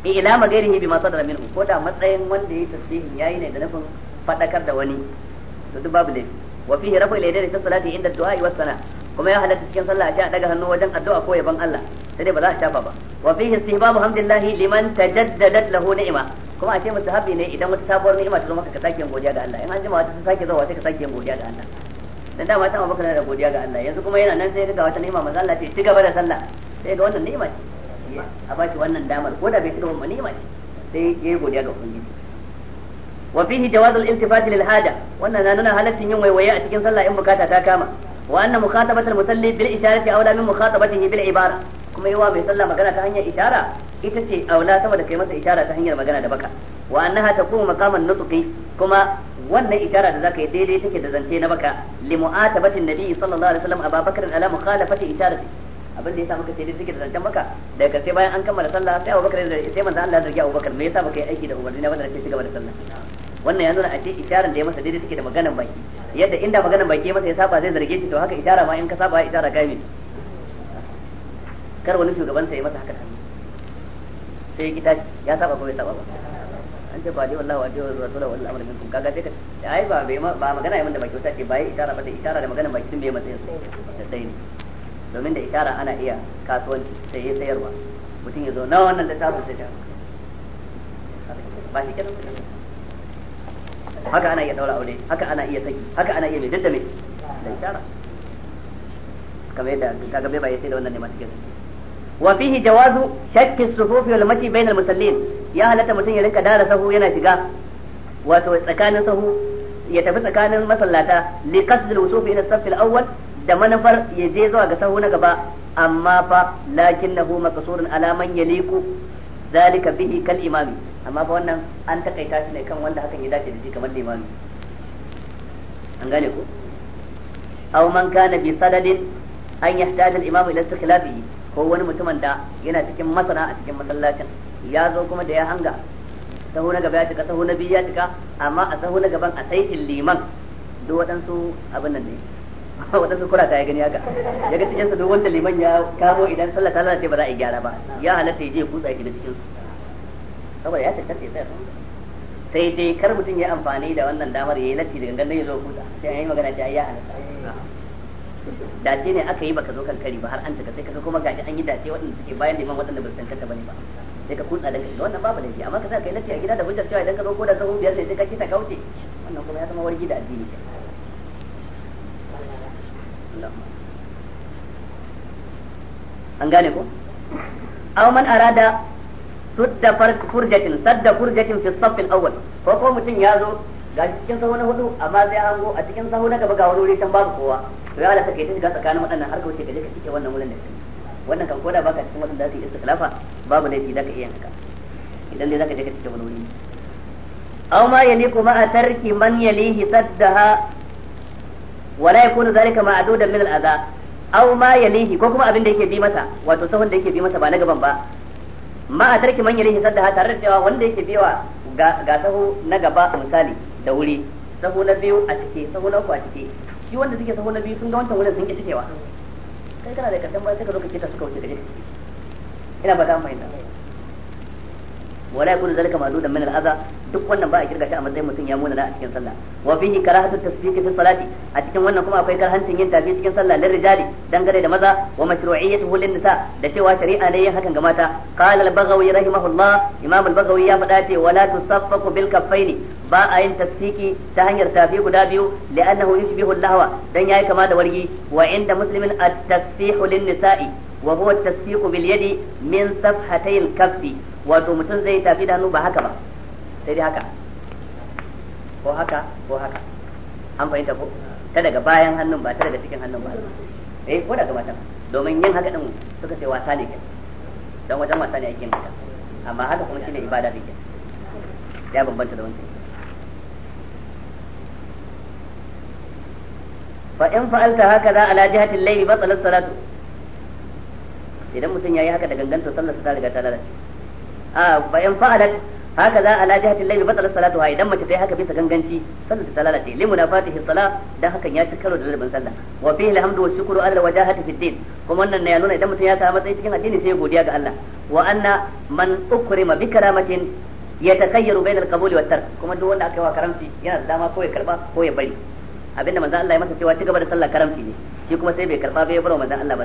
ila magairihi bima sadara minhu ko da matsayin wanda yayi tasbihin yayi ne da nufin fadakar da wani to duk babu laifi wa fihi rafu ilayhi da salati inda du'a wa sana kuma ya halatta cikin sallah a ce a daga hannu wajen addu'a ko yaban Allah sai dai ba za a shafa ba wa fihi istihbabu hamdillahi liman tajaddadat lahu ni'ma kuma a ce mutu mustahabi ne idan wata sabuwar ni'ima ta zo maka ka sake yin godiya ga Allah in an jima wata ta sake zuwa sai ka sake yin godiya ga Allah dan dama ta mabaka da godiya ga Allah yanzu kuma yana nan sai ga wata ni'ima manzo Allah ce ci gaba da sallah sai ga wannan ni'ima ce a baki wannan damar ko da bai ci gaba ba ni'ima ce sai yayi godiya ga ubangiji wa fihi jawazul iltifati lil haja wannan na nuna halaccin yin waiwaye a cikin wa anna mukhatabatul musalli bil a aula min mukhatabatihi bil ibara kuma yawa mai sallah magana ta hanyar icara ita ce a sama da kai masa isara ta hanyar magana da baka wa annaha taqumu maqaman nutqi kuma wannan isara da zaka yi daidai take da zance na baka li mu'atabatin nabi sallallahu alaihi wasallam ababakar abin da yasa muka ce dai take da zancen baka daga karshe bayan an kammala sallah sai Abubakar sai manzo Allah ya zargi Abubakar me yasa baka yi aiki da umarni na wannan sai ci gaba da sallah wannan ya nuna a ce isharar da ya masa daidai take da maganan baki yadda inda maganan baki ya masa ya saba zai zarge shi to haka ishara ma in ka saba ishara gami kar wani shugaban sa ya masa haka sai ya kita ya saba ko ya saba ba an ce ba dai wallahi wa dai rasul wal minkum kaga sai ka ai ba bai ba magana ya da baki wata ce bai ishara ba da ishara da maganan baki din bai masa da sai ne domin da ishara ana iya kasuwanci sai ya sayarwa mutum ya zo na wannan da tabu sai ta ba shi kenan haka ana iya daura aure haka ana iya saki haka ana iya mai dadda mai da ishara kamar yadda kaga bai bai sai da wannan ne masu kyau wa fihi jawazu shakki sufufi wal mashi bainal musallin ya halatta mutum ya rinka dara sahu yana shiga wato tsakanin sahu ya tafi tsakanin masallata li qasdil wusufi ila saff al awwal da manufar ya je zuwa ga sahu na gaba amma fa lakinnahu maqsurun ala man yaliqu zalika bihi kal imami amma fa wannan an takaita shi ne kan wanda hakan ya dace da shi kamar da imami an gane ko aw man kana bi sadadin an yahtaja al imamu ila istikhlafihi ko wani mutumin da yana cikin masana a cikin masallacin ya zo kuma da ya hanga sahu na gaba ya cika sahu na biyu ya cika amma a sahu na gaban a sai liman duk waɗansu abin nan ne waɗansu kurata ya gani haka ya ga cikinsa duk wanda liman ya kamo idan sallah ta lalace ba za a yi gyara ba ya halatta ya je kutsa shi da cikin saboda ya tattace ya sai dai kar mutum ya amfani da wannan damar ya yi latti da gangan ya zo kutsa sai an yi magana ta ya halatta dace ne aka yi baka zo kankari ba har an taka sai kaga kuma gashi an yi dace waɗanda suke bayan liman waɗanda ba su tantance bane ba sai ka kutsa dan ka shiga wannan babu laifi amma ka sa kai latti a gida da hujjar cewa idan ka zo ko da sahu biyar sai ka kita kauce wannan kuma ya zama wargi da addini kenan an gane ko aw man arada sudda furjatin sadda furjatin fi saffil awwal ko ko mutum ya zo ga cikin sahu na hudu amma sai an go a cikin sahu na gaba ga wani wuri can babu kowa to ya Allah kai ta shiga tsakanin waɗannan har kawai ka je ka cike wannan wurin da shi wannan kan koda baka cikin waɗanda da su yi istiklafa babu laifi zaka iya haka idan dai zaka je ka cike wani wuri aw ma yaliku ma a tarki man yalihi saddaha wala yakunu zalika ma'dudan min al-adha aw ma yalihi ko kuma abin da yake bi masa wato sahun da yake bi masa ba na gaban ba ma a tarki man yalihi sadda tare da cewa wanda yake biwa ga ga sahu na gaba misali da wuri sahu na biyu a cike sahu na uku a cike shi wanda suke sahu na biyu sun ga wancan wurin sun ki cikewa kai kana da karshen bayan suka zo ka kita suka wuce gaje ina ba ta fahimta wala yakunu zalika ma'dudan min al-adha duk wannan ba a kirga shi a matsayin mutum ya munana a cikin sallah wa fihi karahatu tasbiqi fi salati a cikin wannan kuma akwai karhancin yin tafi cikin sallah lir rijali dangane da maza wa mashru'iyyatuhu lin nisa da cewa shari'a ne yin hakan ga mata qala al-baghawi rahimahullah imam al-baghawi ya faɗa ce wala tusaffaqu bil kaffaini ba a yin tasfiki ta hanyar tafi guda biyu li'annahu yushbihu al-lahwa dan yayi kama da wargi wa inda muslimin at-tasfihu lin nisa'i wa huwa at-tasfiqu bil yadi min safhatay kaffi wato mutum zai tafi da hannu ba haka ba sai dai haka ko haka ko haka an fahimta ko ta daga bayan hannun ba ta daga cikin hannun ba eh ko daga matan domin yin haka din suka ce wasa ne kenan dan wajen wasa ne yake yin haka amma haka kuma shine ibada ne kenan ya bambanta da wancan fa in fa'alta za ala jihati al-layli batala salatu idan mutum yayi haka da gangantar sallar ta riga ta lalace a ah, fa in fa'alat haka za a jihati layli batala salatu ha idan mace ta yi haka bisa ganganci sallar ta lalace li munafatihi salah dan hakan ya ci karo da ladabin sallah wa fihi alhamdu wa shukru ala wajahati fi din kuma wannan ne ya nuna idan ya samu matsayi cikin addini sai godiya ga Allah wa anna man ukrima bi karamatin yatakayyaru bainal qabuli wat tark kuma duk wanda aka yi wa karamci yana da dama ko ya karba ko ya bari abinda manzo Allah ya masa cewa ci gaba da sallah karamci ne shi kuma sai bai karba bai bar manzo Allah ba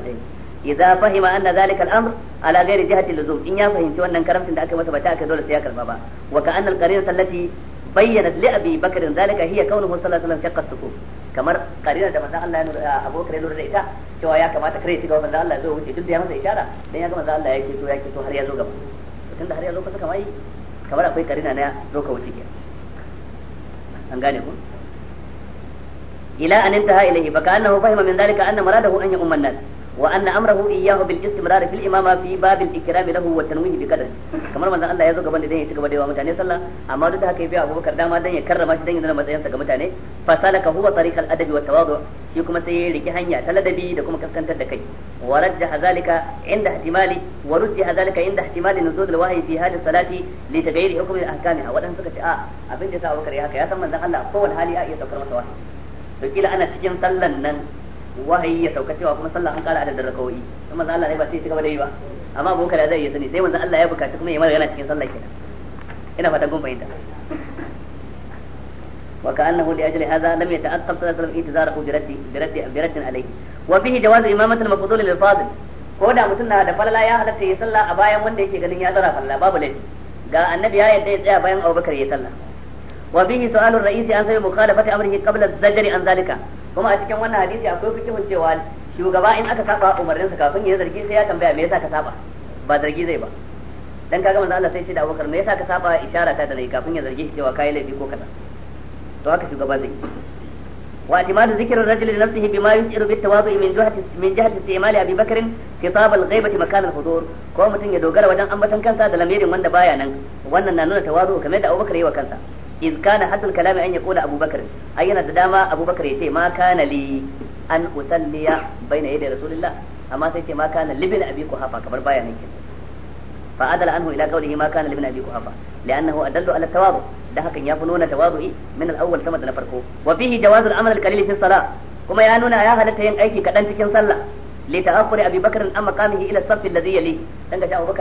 idza fahima anna zalika al-amr ala ghairi jihati luzum in ya fahimci wannan karamcin da aka masa ba ta aka dole sai ya karba ba wa ka anna al-qarinata allati bayyanat li abi bakr zalika hiya kaunuhu sallallahu alaihi wasallam shaqqa suku kamar qarina da manzon Allah ya nuna Abu Bakar nuna da ita cewa ya kamata kare shi ga manzon Allah zo wuce duk da ya masa ishara dan ya ga manzon Allah ya ke so ya so har ya zo gaba tunda har ya zo kusa kamar kamar akwai karina na zo ka wuce kenan an gane ku ila an intaha ilayhi fa kana fahima min zalika anna maradahu an ya'umma an-nas wa anna amrahu iyyahu bil istimrar fil imama fi babil ikram lahu wa tanwih bi qadar kamar manzon Allah ya zo gaban da dan ya cigaba da yawa mutane sallah amma duk da haka ya bi Abubakar dama dan ya karrama shi dan ya nuna matsayinsa ga mutane fa salaka huwa tariq al adabi wa tawadu shi kuma sai ya riki hanya ta ladabi da kuma kaskantar da kai wa rajjaha zalika inda ihtimali wa rajjaha zalika inda ihtimali nuzul al wahyi fi hadhihi salati li tagayyuri hukmi al ahkamiha wadan suka ce a abin da Abubakar ya haka ya san Allah hali a iya saukar to kila ana cikin nan wahayi ya sauka cewa kuma sallah an kara adadin rakawoyi kuma manzo Allah ne ba sai ya gaba yi ba amma abokan da zai iya sani sai manzo Allah ya bukaci kuma ya mara yana cikin sallah kenan ina fatan kun fahimta wa ka'annahu li ajli hadha lam yata'attab sallallahu alaihi wasallam intizarahu bi raddi bi raddi bi raddi alayhi wa fihi jawaz imamati al-mafdhul lil fadil ko da mutum na da falala ya halatta ya sallah a bayan wanda yake ganin ya tsara falala babu laifi ga annabi ya yadda ya tsaya bayan Abubakar ya sallah wa bihi su'alur ra'isi an sai mukhalafati amrihi qabla az-zajri an zalika kuma a cikin wannan hadisi akwai fikihun cewa shugaba in aka saba umarninsa kafin ya zargi sai ya tambaya me yasa ka saba ba zargi zai ba dan kaga manzo Allah sai ce da Abubakar me yasa ka saba isharar ta da ni kafin ya zargi shi cewa kai laifi ko kaza to haka shugaba zai wa timadu zikr ar-rajul li nafsihi bima yus'iru bit tawadhu min jihati min jihati istimali Abi Bakr khitab al-ghaibati makan al-hudur ko mutun ya dogara wajen ambatan kansa da lamirin wanda baya nan wannan na nuna tawadhu kamar da Abubakar yayi wa kansa iz kana haddul kalami an yaqula abubakar ai yana da dama abubakar yace ma kana li an usalliya baina yadi rasulillah amma sai ce ma kana libin abi kuhafa kamar baya nan kin fa adala anhu ila qawlihi ma kana libin abi kuhafa li'annahu adallu ala tawadu da hakan ya fi nuna tawadu'i min al-awwal sama da na farko wa fihi jawazul amal al kuma ya nuna ya halatta yin aiki kadan cikin sallah li ta'akhuri abubakar bakr an maqamihi ila safi alladhi dan ga Abu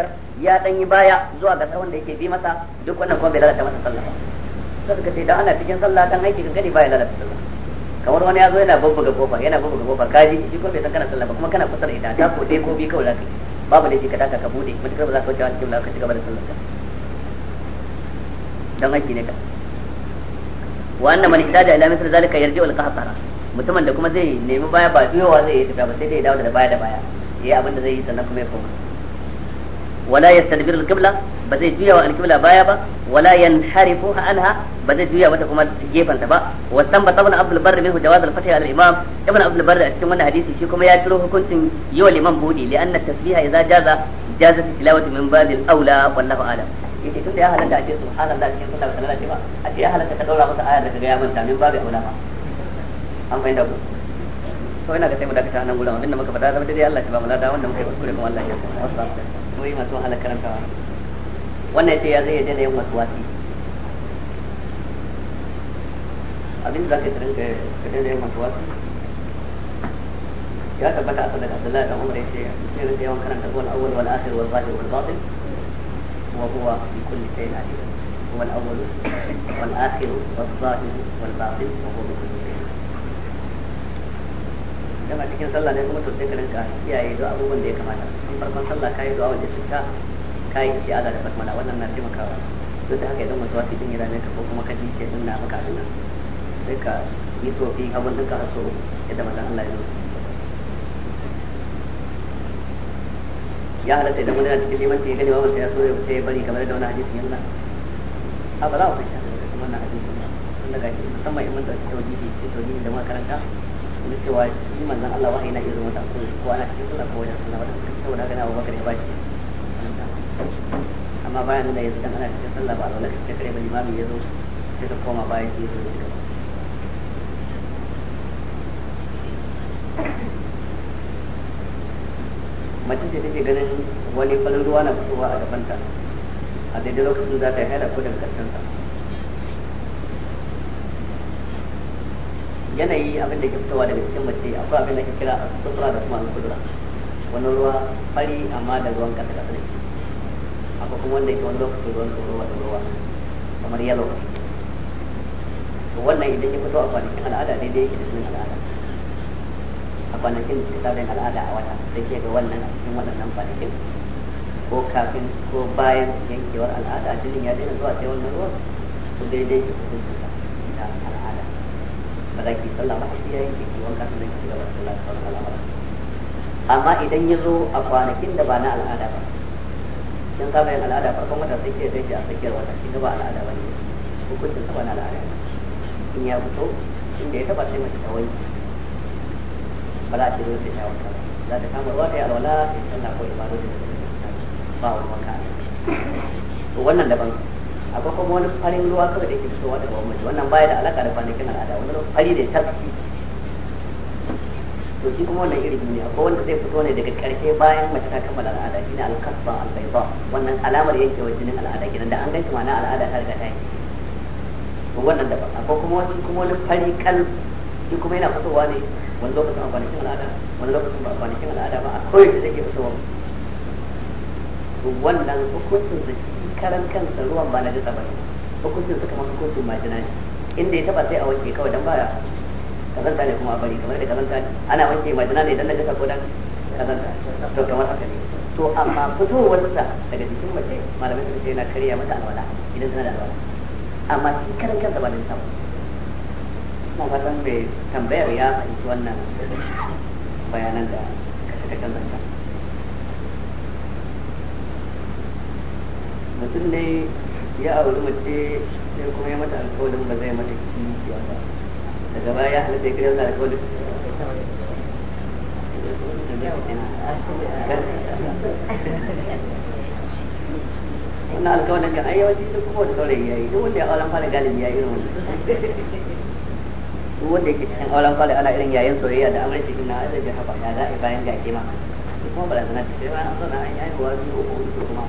ya dan yi baya zuwa ga sahun da bi masa duk wannan kuma bai lalata masa sai suka ce dan ana cikin sallah dan aiki kankani ya lalata sallah kamar wani ya zo yana babbaga kofa yana babbaga kofa ka ji shi ko bai san kana sallah ba kuma kana kusa da ita ta ko dai ko bi kawai zaka babu da laifi ka taka ka bude mutakar ba za ka wuce cikin kibla ka ci gaba da sallar dan aiki ne ka wa annam man ihtaja ila misal zalika yarji'u al-qahtara mutumin da kuma zai nemi baya ba biyowa zai yi tafiya ba sai dai ya dawo da baya da baya yayi abin da zai yi sannan kuma ya koma wala yastadbiru al-qibla ba zai juya wa al-qibla baya ba wala yanharifu anha ba zai juya wata kuma gefen ta ba wa sanbata ibn abdul barr minhu jawaz al-fath al-imam abdul barr a cikin wannan hadisi shi kuma ya ciro hukuncin yawa liman budi li anna tasbiha idza jaza min babil aula wallahu a'lam yace tunda ya halatta a ce subhanallah cikin sallah a ina ga sai mu dakata nan abinda muka zama dai Allah ya ba mu lada kuskure kuma Allah ya yi koyi masu wahala karantawa wannan ce ya zai yadda yin wasu wasi abin da ka tarin ka daina yin wasu wasi ya tabbata a sadaka da dan Umar ya ce ya rinka yawan karanta zuwa awwal wal akhir wal zahir wal batin wa kuwa bi kulli kai na huwa al awwal wal akhir wal zahir wal batin wa huwa bi kulli shay'in kana cikin sallah ne kuma to sai ka rinka kiyaye duk abubuwan da ya kamata in farkon sallah yi du'a wajen cuta kayi ala da basmala wannan na taimakawa duk da haka idan mutum wasu din yana ne ka ko kuma ka ji ke nuna maka abin nan sai ka yi tofi abin din ka haso yadda manzon Allah ya nuna ya halatta idan wani yana cikin limanci ya gani wa mutum ya so ya bari kamar da wani hadisi yana a ba za a a fashe wannan hadisi wanda ga shi musamman in mun ɗauki wajibi ce tauhidi da makaranta na cewa shi manzon Allah wahayi na irin wata ko ko ana cikin sunna ko wajen sunna wata saboda haka na Abubakar ya ba amma bayan da yanzu dan ana cikin sallah ba wala kace kare bali mami yazo sai ta koma bayan shi yazo mace ce take ganin wani falon ruwa na fitowa a gabanta a daidai lokacin za ta yi haida ko daga karshen sa yanayi abin da ke fitowa daga cikin mace akwai abin da ke kira a sutura da kuma al wani ruwa fari amma da ruwan kasa kasa ne akwai kuma wanda ke wani lokacin ruwan tsoro wata ruwa kamar yalo to wannan idan ya fito a kwanakin al'ada daidai yake da sunan al'ada a kwanakin tsarin al'ada a wata da ke ga wannan a cikin waɗannan kwanakin ko kafin ko bayan yankewar al'ada jinin ya daina zuwa sai wannan ruwan to daidai ke hukunta da al'ada ba za ki sallah ba shi yayin ki wanka sannan ki gaba sallah ta wannan al'amura amma idan ya zo a kwanakin da ba na al'ada ba kin saba yin al'ada farkon wata sai ke sai a tsakiyar wata shi ba al'ada ba ne hukuncin sa ba na al'ada in ya fito inda ya taba sai mace ta wani ba za a ce zo ta shawo ta za ta kama ruwa ta yi alwala ta yi sallah ko ibadodin da ta ba wani wanka to wannan daban akwai kuma wani farin ruwa kawai da ke fitowa daga wani wannan baya da alaka da kwanakin al'ada wani fari da ta tafi to shi kuma wannan irin ne akwai wanda zai fito ne daga karshe bayan mace ta kammala al'ada shine al-kasba al-bayda wannan alamar wa jinin al'ada kenan da an ganci ma na al'ada ta riga ta yi to wannan daban akwai kuma wani kuma wani fari kal shi kuma yana fitowa ne wani lokacin a kwanakin al'ada wani lokacin ba a kwanakin al'ada ba a koyaushe zai ke fitowa to wannan hukuncin zai karan kansa ruwan ba na jisa ba hukuncin su kamar hukuncin majina ne inda ya taba sai a wanke kawai dan baya kazanta ne kuma a bari kamar da kazanta ana wanke majina ne dan na jisa ko dan kazanta to kamar haka ne to amma fitowar sa daga jikin mace malamai suka ce yana karya mata alwala idan suna da alwala amma shi karan kansa ba da jisa ba kuma fatan mai tambayar ya fahimci wannan bayanan da kashe ta kazanta mutum ne ya auri mace sai kuma ya mata alƙawarin ba zai mata kishiya ba daga baya ya halitta ya kira alƙawarin wannan alkawarin ga ai yawanci su kuma wata saurayi yayi duk wanda ya auren fara galibi yayi irin wannan duk wanda yake cikin auren fara ana irin yayin soyayya da amurci din na azabi haka ya za za'i bayan ga kima kuma barazana ta ce bayan an zauna an yi haihuwa biyu kuma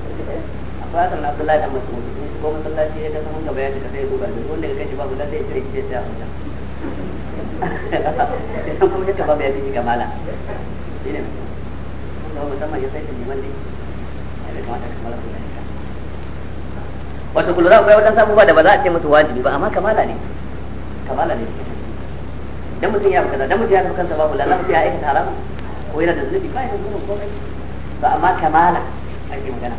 fatan abdullahi dan ko masallaci ya kasa duba wanda ya kai babu wajen idan kuma ya kaba kuma musamman ya sai kamata wato kullu akwai samu ba da ba za a ce mutu wajibi ba amma kamala ne kamala ne dan mutum ya kaza dan mutum ya kaza kansa babu lalla mutum ya aikata haram ko yana da zunubi ba ya zunubi ba amma kamala ake magana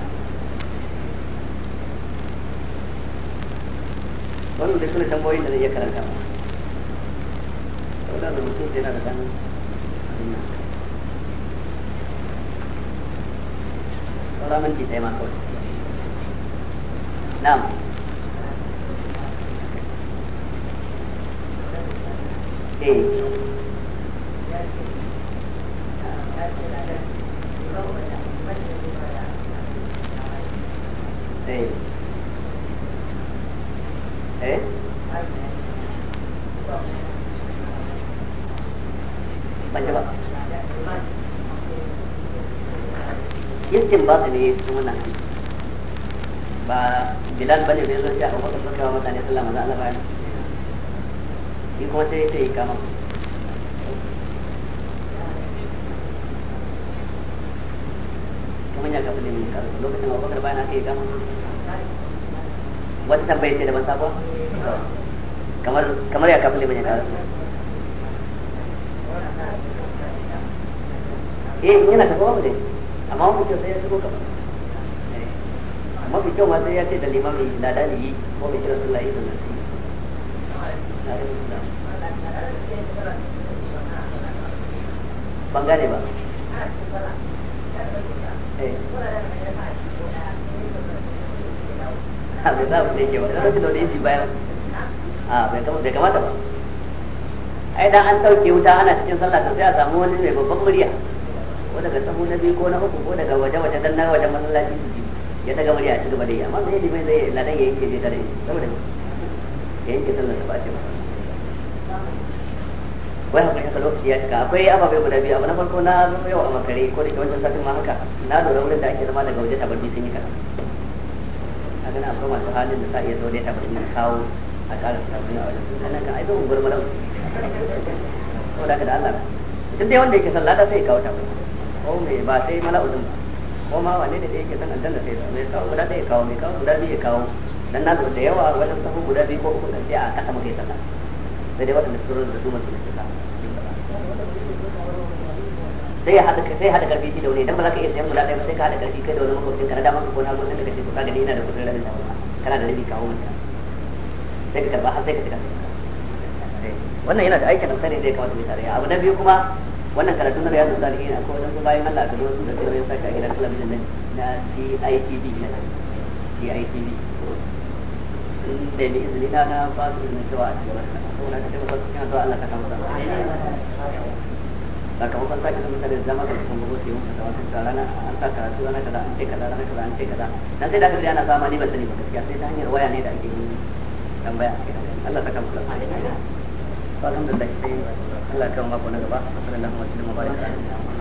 wannan da suna tambayoyin da zai iya karanta ba saboda wannan mutum yana da dan saura minti ɗaya ma kawai na'am eh Hey. Eh. bạn yên và có eh baca pak mà ini kemenangan ba bilal bane bai zai abu bakar baka mutane sallah manzo Allah bayan shi kuma sai sai kama kamar lúc kafa ne mai lokacin abu bakar bayan aka yi kama wata tambayar ce da ban sabuwa kamar kamar ya kafin liman eh, yana tafi amma wani kyau sai ya shigo eh, mafi kyau ma sai ya ce da yi ko mai kira sallah yi ban gane ba eh bai sa abin da yake ba idan lokacin da wani yake bayan a bai kamata ba ai dan an sauke wuta ana cikin sallah to sai a samu wani mai babban murya ko daga sahu na biyu ko na uku ko daga waje waje dan na waje masallaci ya daga murya a ci gaba da yi amma sai limai zai ladan ya yanke da rai saboda ya yanke sallar da ba ce ba wai haka haka lokaci ya cika akwai ababai guda biyu abu na farko na zo yau a makare ko da ke wancan satin ma haka na lura wurin da ake zama daga waje tabarbi sun yi kaza a gana akwai masu halin da sa iya zo ta tabbacin da kawo a ƙara su a wajen sun ka aizo in gurmala ko da ka da Allah dai wanda yake son lada sai ya kawo tabbacin ko ba sai mala'udin ba ko ma wane da yake son aljanna sai ya kawo guda ɗaya kawo mai kawo guda biyu ya kawo dan na da yawa wajen sahu guda biyu ko uku sai a kasa sallah sai dai waɗanda su da su masu da su sai ya haɗa sai haɗa karfi da wani idan ba za ka iya sayan guda ɗaya ba sai ka haɗa karfi kai da wani makwabcin ka na dama ko na gurbin da kace to kaga ni ina da kudin rabin da wannan kana da rabi kawo mutum sai ka karba har sai ka tuka wannan yana da aikin alkhairi da ya kamata mu tare abu na biyu kuma wannan karatu na riyadu salihin akwai wadansu bayan Allah ka zo su da tsirrai saka a gidan talabijin na na CITV na CITV da ni izini na na ba su da cewa a cikin wannan ko na ta ce ba su cikin Allah ka kawo sakamakon sa kasu mutane da zama karfin gobe sai mun fata wata rana an sa karatu rana kaza an ce kaza rana kaza an ce kaza dan sai da aka ana fama ni ba sani ba gaskiya sai ta hanyar waya ne da ake yi tambaya Allah saka muku alhamdulillah sai Allah ya kawo mako na gaba sallallahu alaihi wa sallam